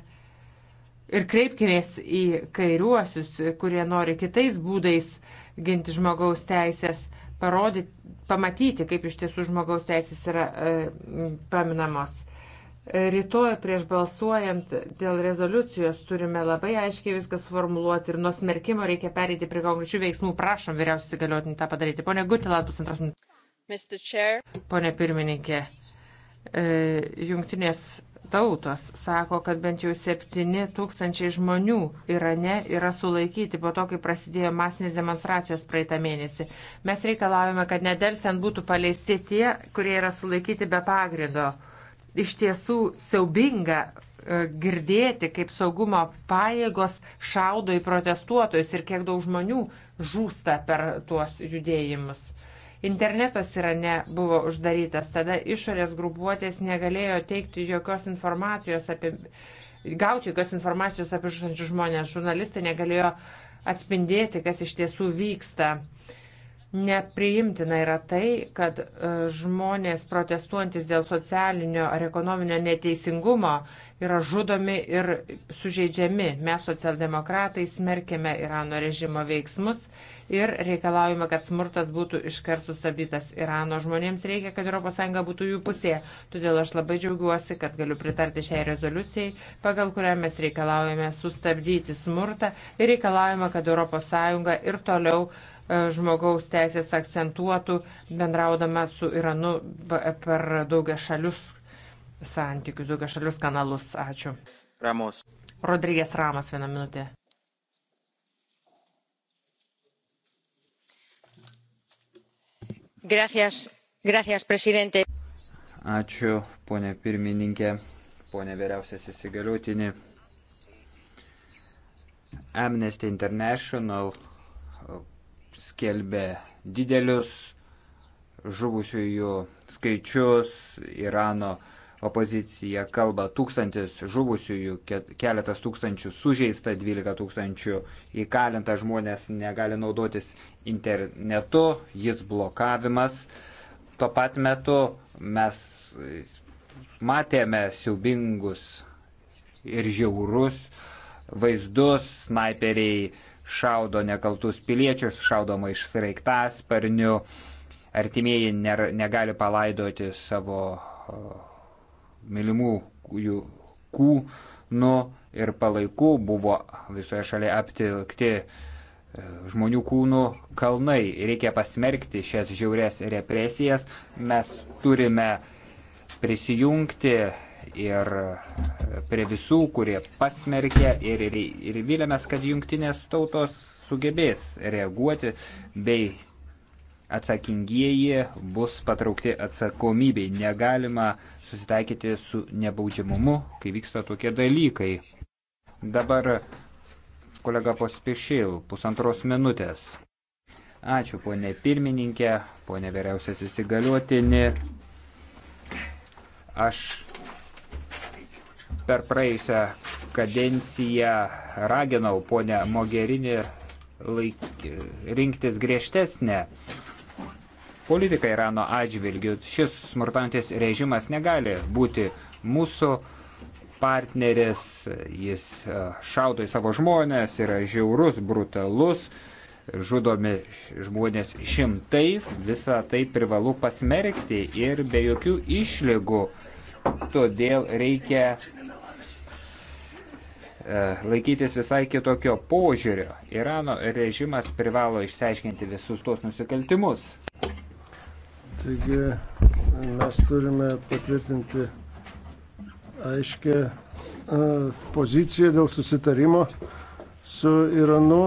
ir kreipkime į kairiuosius, kurie nori kitais būdais ginti žmogaus teisės parodyti, pamatyti, kaip iš tiesų žmogaus teisės yra e, paminamos. Rytoj prieš balsuojant dėl rezoliucijos turime labai aiškiai viskas formuluoti ir nuo smerkimo reikia pereiti prie konkrečių veiksmų. Prašom vyriausius įgaliotinį tą padaryti. Pone Gutilat, pusantros minutės. Pone pirmininkė, e, jungtinės tautos sako, kad bent jau 7 tūkstančiai žmonių Irane yra sulaikyti po to, kai prasidėjo masinės demonstracijos praeitą mėnesį. Mes reikalavome, kad nedelsiant būtų paleisti tie, kurie yra sulaikyti be pagrindo. Iš tiesų siaubinga e, girdėti, kaip saugumo pajėgos šaudo į protestuotojus ir kiek daug žmonių žūsta per tuos judėjimus. Internetas Irane buvo uždarytas, tada išorės grupuotės negalėjo teikti jokios informacijos apie, gauti jokios informacijos apie žudančius žmonės, žurnalistai negalėjo atspindėti, kas iš tiesų vyksta. Nepriimtina yra tai, kad e, žmonės protestuojantis dėl socialinio ar ekonominio neteisingumo yra žudomi ir sužeidžiami. Mes socialdemokratai smerkėme Irano režimo veiksmus ir reikalaujame, kad smurtas būtų iškart sustabdytas Irano žmonėms. Reikia, kad ES būtų jų pusėje. Todėl aš labai džiaugiuosi, kad galiu pritarti šiai rezoliucijai, pagal kurią mes reikalaujame sustabdyti smurtą ir reikalaujame, kad ES ir toliau e, žmogaus teisės akcentuotų bendraudama su Iranu per daugia šalius santykius, daugia šalius kanalus. Ačiū. Ramos. Rodrygės Ramas vieną minutę. Gracias, gracias, presidente. Ačiū, ponė pirmininkė, ponė vyriausiasis įgaliotinė. Amnesty International skelbė didelius žuvusiųjų skaičius Irano Opozicija kalba tūkstantis žuvusiųjų, keletas tūkstančių sužeista, 12 tūkstančių įkalinta žmonės negali naudotis internetu, jis blokavimas. Tuo pat metu mes matėme siubingus ir žiaurus vaizdus, snaiperiai šaudo nekaltus piliečius, šaudoma iš sraigtasparnių, artimieji negali palaidoti savo mylimųjų kūnų ir palaikų buvo visoje šalyje aptikti e, žmonių kūnų kalnai. Reikia pasmerkti šias žiaurės represijas. Mes turime prisijungti ir prie visų, kurie pasmerkė ir, ir, ir vilėmės, kad jungtinės tautos sugebės reaguoti bei atsakingieji bus patraukti atsakomybei. Negalima susitaikyti su nebaudžiamumu, kai vyksta tokie dalykai. Dabar kolega Pospišil, pusantros minutės. Ačiū, ponė pirmininkė, ponė vyriausias įsigaliuotinį. Aš per praėjusią kadenciją raginau ponę Mogerinį laik, rinktis griežtesnę uh, politiką Irano atžvilgių. Šis smurtantis režimas negali būti mūsų partneris, jis e, šaudo į savo žmonės, yra žiaurus, brutalus, žudomi žmonės šimtais, visą tai privalu pasmerkti ir be jokių išlygų. Todėl reikia e, laikytis visai kitokio požiūrio. Irano režimas privalo išsiaiškinti visus tos nusikaltimus. Taigi mes turime patvirtinti aiškę poziciją dėl susitarimo su Iranu,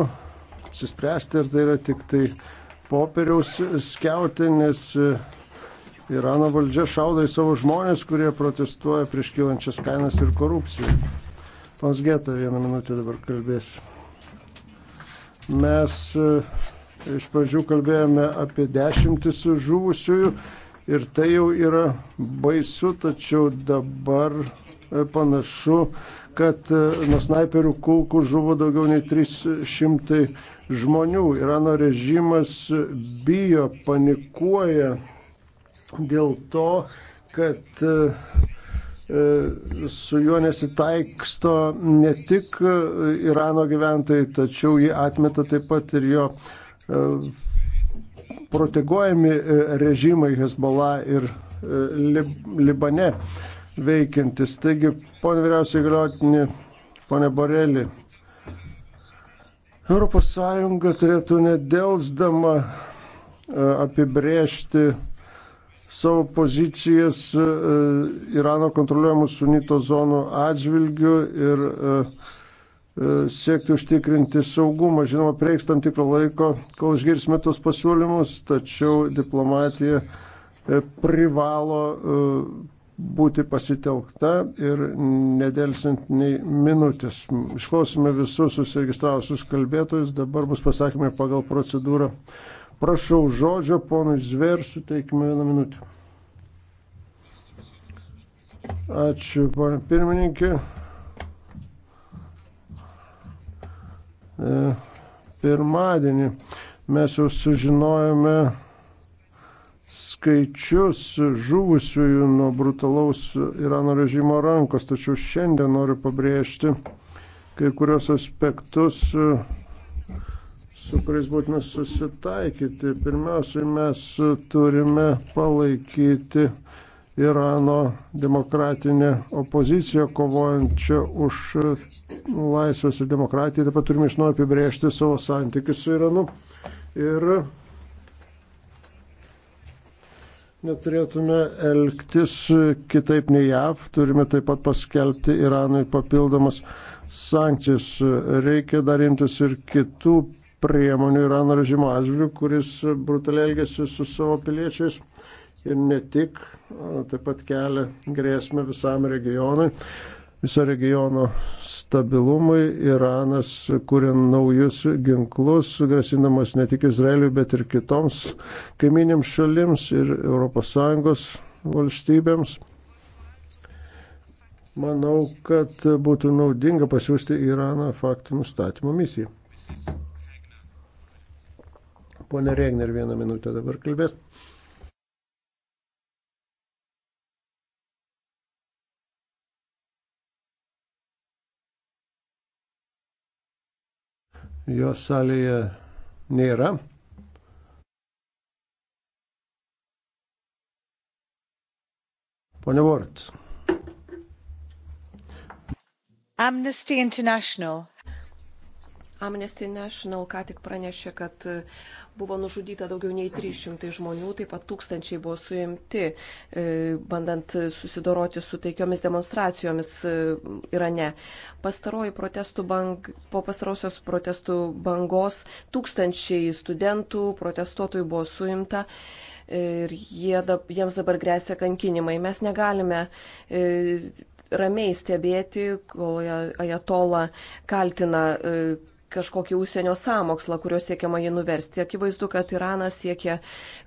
suspręsti, ar tai yra tik tai popieriaus skiauti, nes Irano valdžia šaudo į savo žmonės, kurie protestuoja prieš kylančias kainas ir korupciją. Pans Geta vieną minutę dabar kalbės. Mes uh, Iš pradžių kalbėjome apie dešimtis žuvusiųjų ir tai jau yra baisu, tačiau dabar e, panašu, kad e, nuo snaiperių kulkų žuvo daugiau nei 300 žmonių. Irano režimas bijo, panikuoja dėl to, kad e, su juo nesitaiksto ne tik Irano gyventojai, tačiau jį atmeta taip pat ir jo E, proteguojami e, režimai Hezbollah ir e, Lib Libane veikiantis. Taigi, ponė vyriausiai galiotinė, ponė Borelį, ES turėtų nedelsdama apibrėžti savo pozicijas Irano kontroliuojamų sunito zonų atžvilgių ir uh, E, siekti užtikrinti saugumą. Žinoma, prieiks tam tikro laiko, kol išgirsime tos pasiūlymus, tačiau diplomatija e, privalo e, būti pasitelkta ir nedėlsint nei minutės. Išklausime visus susiregistravusius kalbėtojus, dabar bus pasakymai pagal procedūrą. Prašau žodžio, ponui Zver, suteikime vieną minutę. Ačiū, ponė pirmininkė. E, pirmadienį mes jau sužinojome skaičius žuvusiųjų nuo brutalaus Irano režimo rankos, tačiau šiandien noriu pabrėžti kai kurios aspektus, e, su kuriais būtina susitaikyti. Pirmiausiai mes turime palaikyti Irano demokratinė opozicija kovojančia už laisvės ir demokratiją. Taip pat turime iš naujo apibrėžti savo santykius su Iranu. Ir neturėtume elgtis kitaip nei JAV. Turime taip pat paskelbti Iranui papildomas sankcijas. Reikia dar imtis ir kitų priemonių Irano režimo atžvilgių, kuris brutaliai elgesi su savo piliečiais ir ne tik, taip pat kelia grėsmę visam regionui, viso regiono stabilumui. Iranas kuria naujus ginklus, grasinamas ne tik Izraeliui, bet ir kitoms kaiminėms šalims ir ES valstybėms. Manau, kad būtų naudinga pasiūsti Iraną faktų nustatymo misiją. Pone Regner, vieną minutę dabar kalbės. jo salėje nėra. Pone Vort. Amnesty International Amnesty International ką tik pranešė, kad e, buvo nužudyta daugiau nei 300 žmonių, taip pat tūkstančiai buvo suimti, e, bandant susidoroti su taikiomis demonstracijomis e, Irane. Pastaroji protestų bang, po pastarosios protestų bangos tūkstančiai studentų, protestuotojų buvo suimta. Ir jie, jiems dabar grėsia kankinimai. Mes negalime ramiai stebėti, kol Ajatola kaltina kažkokį užsienio sąmokslą, kurio siekiama jį nuversti. Akivaizdu, kad Iranas siekia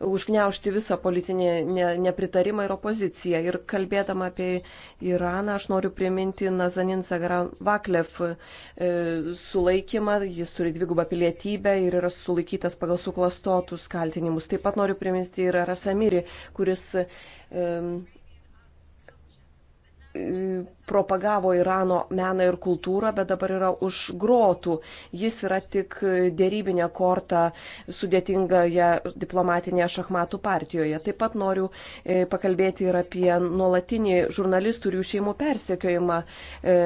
užgneušti visą politinį ne, nepritarimą ir opoziciją. Ir kalbėdama apie Iraną, aš noriu priminti Nazanin Zagran Vaklev e, sulaikymą. Jis turi dvigubą pilietybę ir yra sulaikytas pagal suklastotus kaltinimus. Taip pat noriu priminti ir Rasamiri, kuris e, propagavo Irano meną ir kultūrą, bet dabar yra už grotų. Jis yra tik dėrybinė korta sudėtingoje diplomatinėje šachmatų partijoje. Taip pat noriu e, pakalbėti ir apie nuolatinį žurnalistų ir jų šeimų persekiojimą e,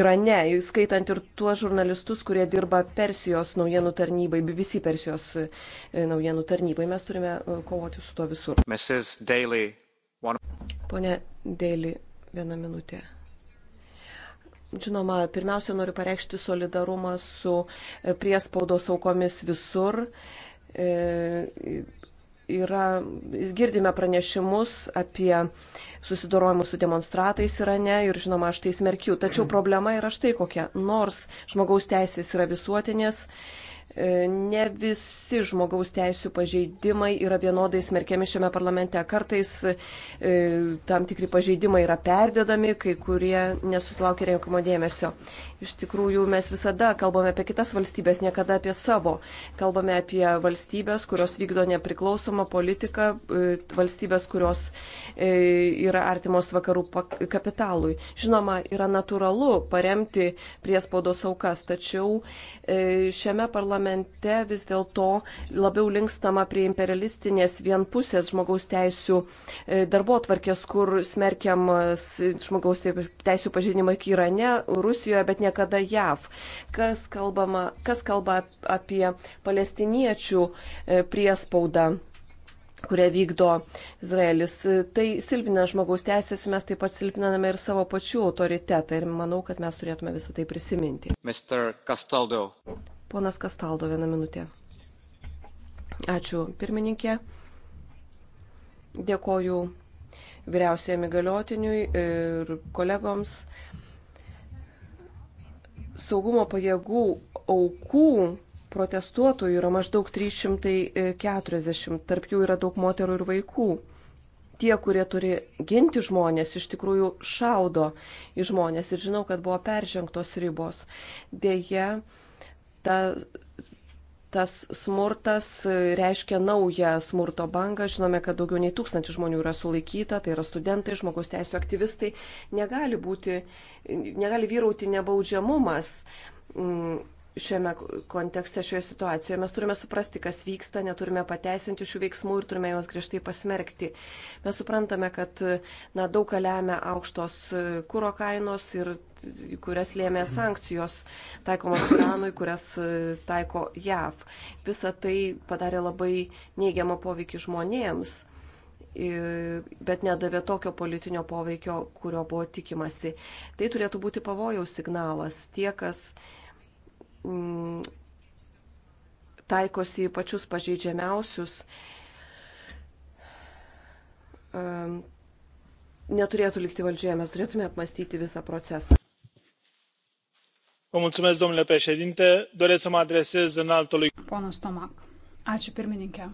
Irane, skaitant ir tuos žurnalistus, kurie dirba Persijos naujienų tarnybai, BBC Persijos e, naujienų tarnybai. Mes turime kovoti su to visur. Daly, one... Pone Daly, Viena minutė. Žinoma, pirmiausia, noriu pareikšti solidarumą su e, priespaudos aukomis visur. E, yra, girdime pranešimus apie susidorojimus su demonstratais Irane ir, žinoma, aš tai smerkiu. Tačiau problema yra štai kokia. Nors žmogaus teisės yra visuotinės, E, ne visi žmogaus teisų pažeidimai yra vienodai smerkiami šiame parlamente. Kartais e, tam tikri pažeidimai yra perdedami, kai kurie nesusilaukia renkamo dėmesio. Iš tikrųjų, mes visada kalbame apie kitas valstybės, niekada apie savo. Kalbame apie valstybės, kurios vykdo nepriklausomą politiką, e, valstybės, kurios yra artimos vakarų kapitalui. Žinoma, yra natūralu paremti priespaudos aukas, tačiau šiame parlamente parlamente vis dėlto labiau linkstama prie imperialistinės vienpusės žmogaus teisų e, darbo atvarkės, kur smerkiamas žmogaus teisų pažinimai Irane, Rusijoje, bet niekada JAV. Kas, kalbama, kas kalba apie palestiniečių e, priespaudą? kurie vykdo Izraelis. E, tai silpina žmogaus teisės, mes taip pat silpiname ir savo pačių autoritetą ir manau, kad mes turėtume visą tai prisiminti. Ponas Kastaldo vieną minutę. Ačiū pirmininkė. Dėkoju vyriausiam įgaliotiniui ir kolegoms. Saugumo pajėgų aukų protestuotojų yra maždaug 340, tarp jų yra daug moterų ir vaikų. Tie, kurie turi ginti žmonės, iš tikrųjų šaudo į žmonės ir žinau, kad buvo peržengtos ribos. Deja, ta, tas smurtas reiškia naują smurto bangą. Žinome, kad daugiau nei tūkstantis žmonių yra sulaikyta, tai yra studentai, žmogaus teisų aktyvistai. Negali, būti, negali vyrauti nebaudžiamumas mm, šiame kontekste, šioje situacijoje. Mes turime suprasti, kas vyksta, neturime pateisinti šių veiksmų ir turime juos griežtai pasmerkti. Mes suprantame, kad na, daug ką lemia aukštos kūro kainos ir kurias lėmė sankcijos taikomos Iranui, kurias e, taiko JAV. Visa tai padarė labai neigiamą poveikį žmonėms bet nedavė tokio politinio poveikio, kurio buvo tikimasi. Tai turėtų būti pavojaus signalas. Tie, kas mm, taikosi į pačius pažeidžiamiausius, um, neturėtų likti valdžioje, mes turėtume apmastyti visą procesą. Mulțumesc, domnule președinte. Doresc să mă adresez înaltului. Ponas Tomak, ačiū pirmininkė.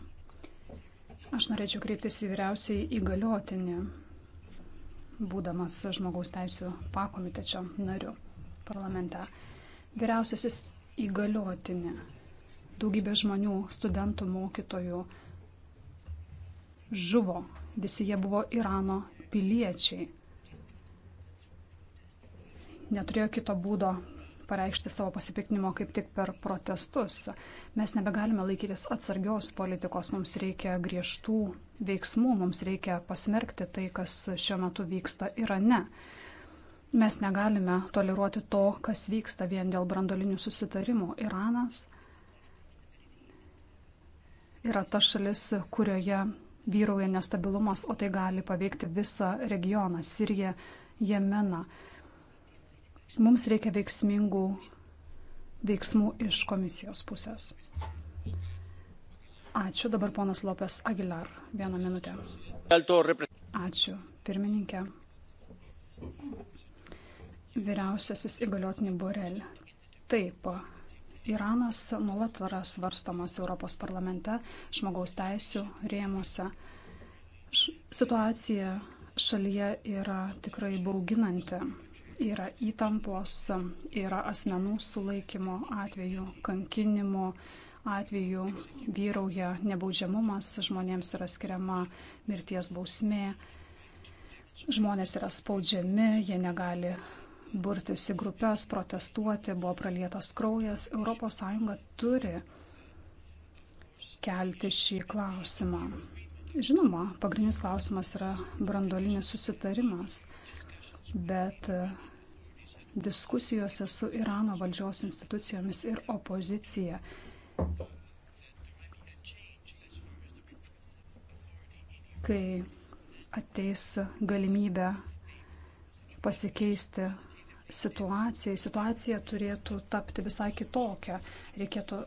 Aš norėčiau kreiptis į vyriausiai įgaliotinį, būdamas žmogaus teisų pakomitečio nariu parlamente. Vyriausiasis įgaliotinė. Daugybė žmonių, studentų, mokytojų žuvo. Visi jie buvo Irano piliečiai. Neturėjo kito būdo pareikšti savo pasipiknimo kaip tik per protestus. Mes nebegalime laikytis atsargios politikos, mums reikia griežtų veiksmų, mums reikia pasmerkti tai, kas šiuo metu vyksta Irane. Ir Mes negalime toleruoti to, kas vyksta vien dėl brandolinių susitarimų. Iranas yra ta šalis, kurioje vyrauja nestabilumas, o tai gali paveikti visą regioną - Siriją, Jemeną. Mums reikia veiksmingų veiksmų iš komisijos pusės. Ačiū dabar ponas Lopes Aguilar. Vieną minutę. Ačiū, pirmininkė. Vyriausiasis įgaliotinį Borelį. Taip, Iranas nuolat yra svarstomas Europos parlamente žmogaus teisų rėmuose. Situacija šalyje yra tikrai bauginanti. Yra įtampos, yra asmenų sulaikymo atvejų, kankinimo atvejų, vyrauja nebaudžiamumas, žmonėms yra skiriama mirties bausmė, žmonės yra spaudžiami, jie negali burtis į grupės, protestuoti, buvo pralietas kraujas. ES turi kelti šį klausimą. Žinoma, pagrindinis klausimas yra brandolinis susitarimas, bet e, diskusijose su Irano valdžios institucijomis ir opozicija kai ateis galimybė pasikeisti situacijai. Situacija turėtų tapti visai kitokią. Reikėtų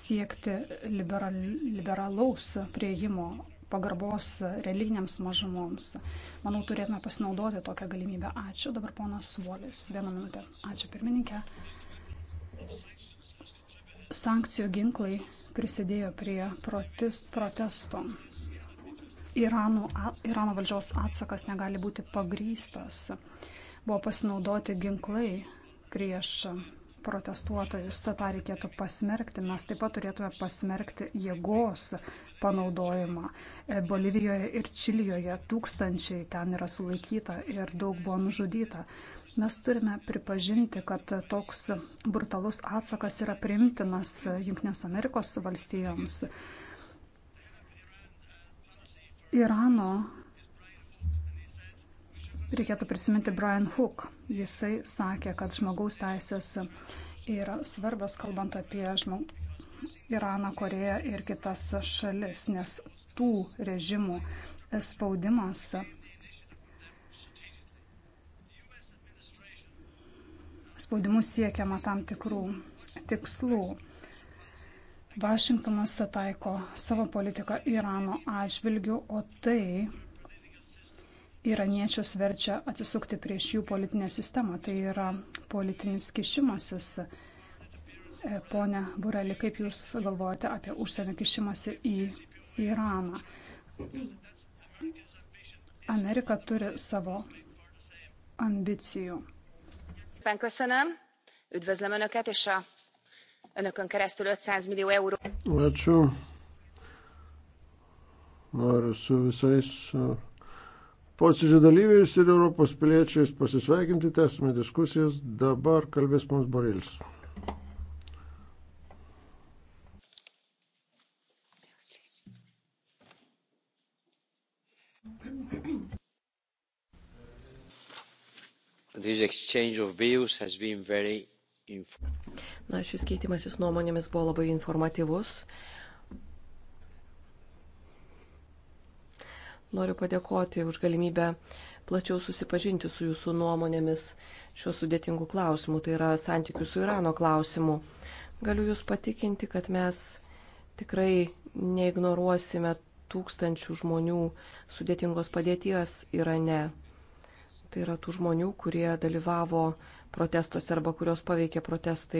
siekti liberal, liberalaus prieimo pagarbos religinėms mažumoms. Manau, turėtume pasinaudoti tokią galimybę. Ačiū. Dabar ponas Volis. Vieną minutę. Ačiū pirmininkė. Sankcijų ginklai prisidėjo prie protestų. Irano, Irano valdžios atsakas negali būti pagrystas buvo pasinaudoti ginklai prieš protestuotojus. Ta reikėtų pasmerkti. Mes taip pat turėtume pasmerkti jėgos panaudojimą. E, Bolivijoje ir Čilijoje tūkstančiai ten yra sulaikyta ir daug buvo nužudyta. Mes turime pripažinti, kad toks brutalus atsakas yra primtinas Junktinės Amerikos valstijoms. Irano Reikėtų prisiminti Brian Hook. Jisai sakė, kad žmogaus teisės yra svarbios, kalbant apie žmog... Iraną, Koreją ir kitas šalis, nes tų režimų spaudimas spaudimu siekiama tam tikrų tikslų. Vašingtonas taiko savo politiką Irano atžvilgiu, o tai iraniečius verčia atsisukti prieš jų politinę sistemą. Tai yra politinis kišimasis. E, pone Bureli, kaip Jūs galvojate apie užsienio kišimąsi į Iraną? Amerika turi savo ambíció. Szépen köszönöm. Üdvözlöm Önöket, és a Önökön keresztül 500 millió euró. Ačiū. Noriu su visais posėdžio dalyviais ir Europos piliečiais pasisveikinti, tęsime diskusijas. Dabar kalbės mums Borilis. Na, šis keitimasis nuomonėmis buvo labai informatyvus. Noriu padėkoti už galimybę plačiau susipažinti su jūsų nuomonėmis šiuo sudėtingu klausimu, tai yra santykių su Irano klausimu. Galiu jūs patikinti, kad mes tikrai neignoruosime tūkstančių žmonių sudėtingos padėties Irane. Tai yra tų žmonių, kurie dalyvavo protestuose arba kurios paveikė protestai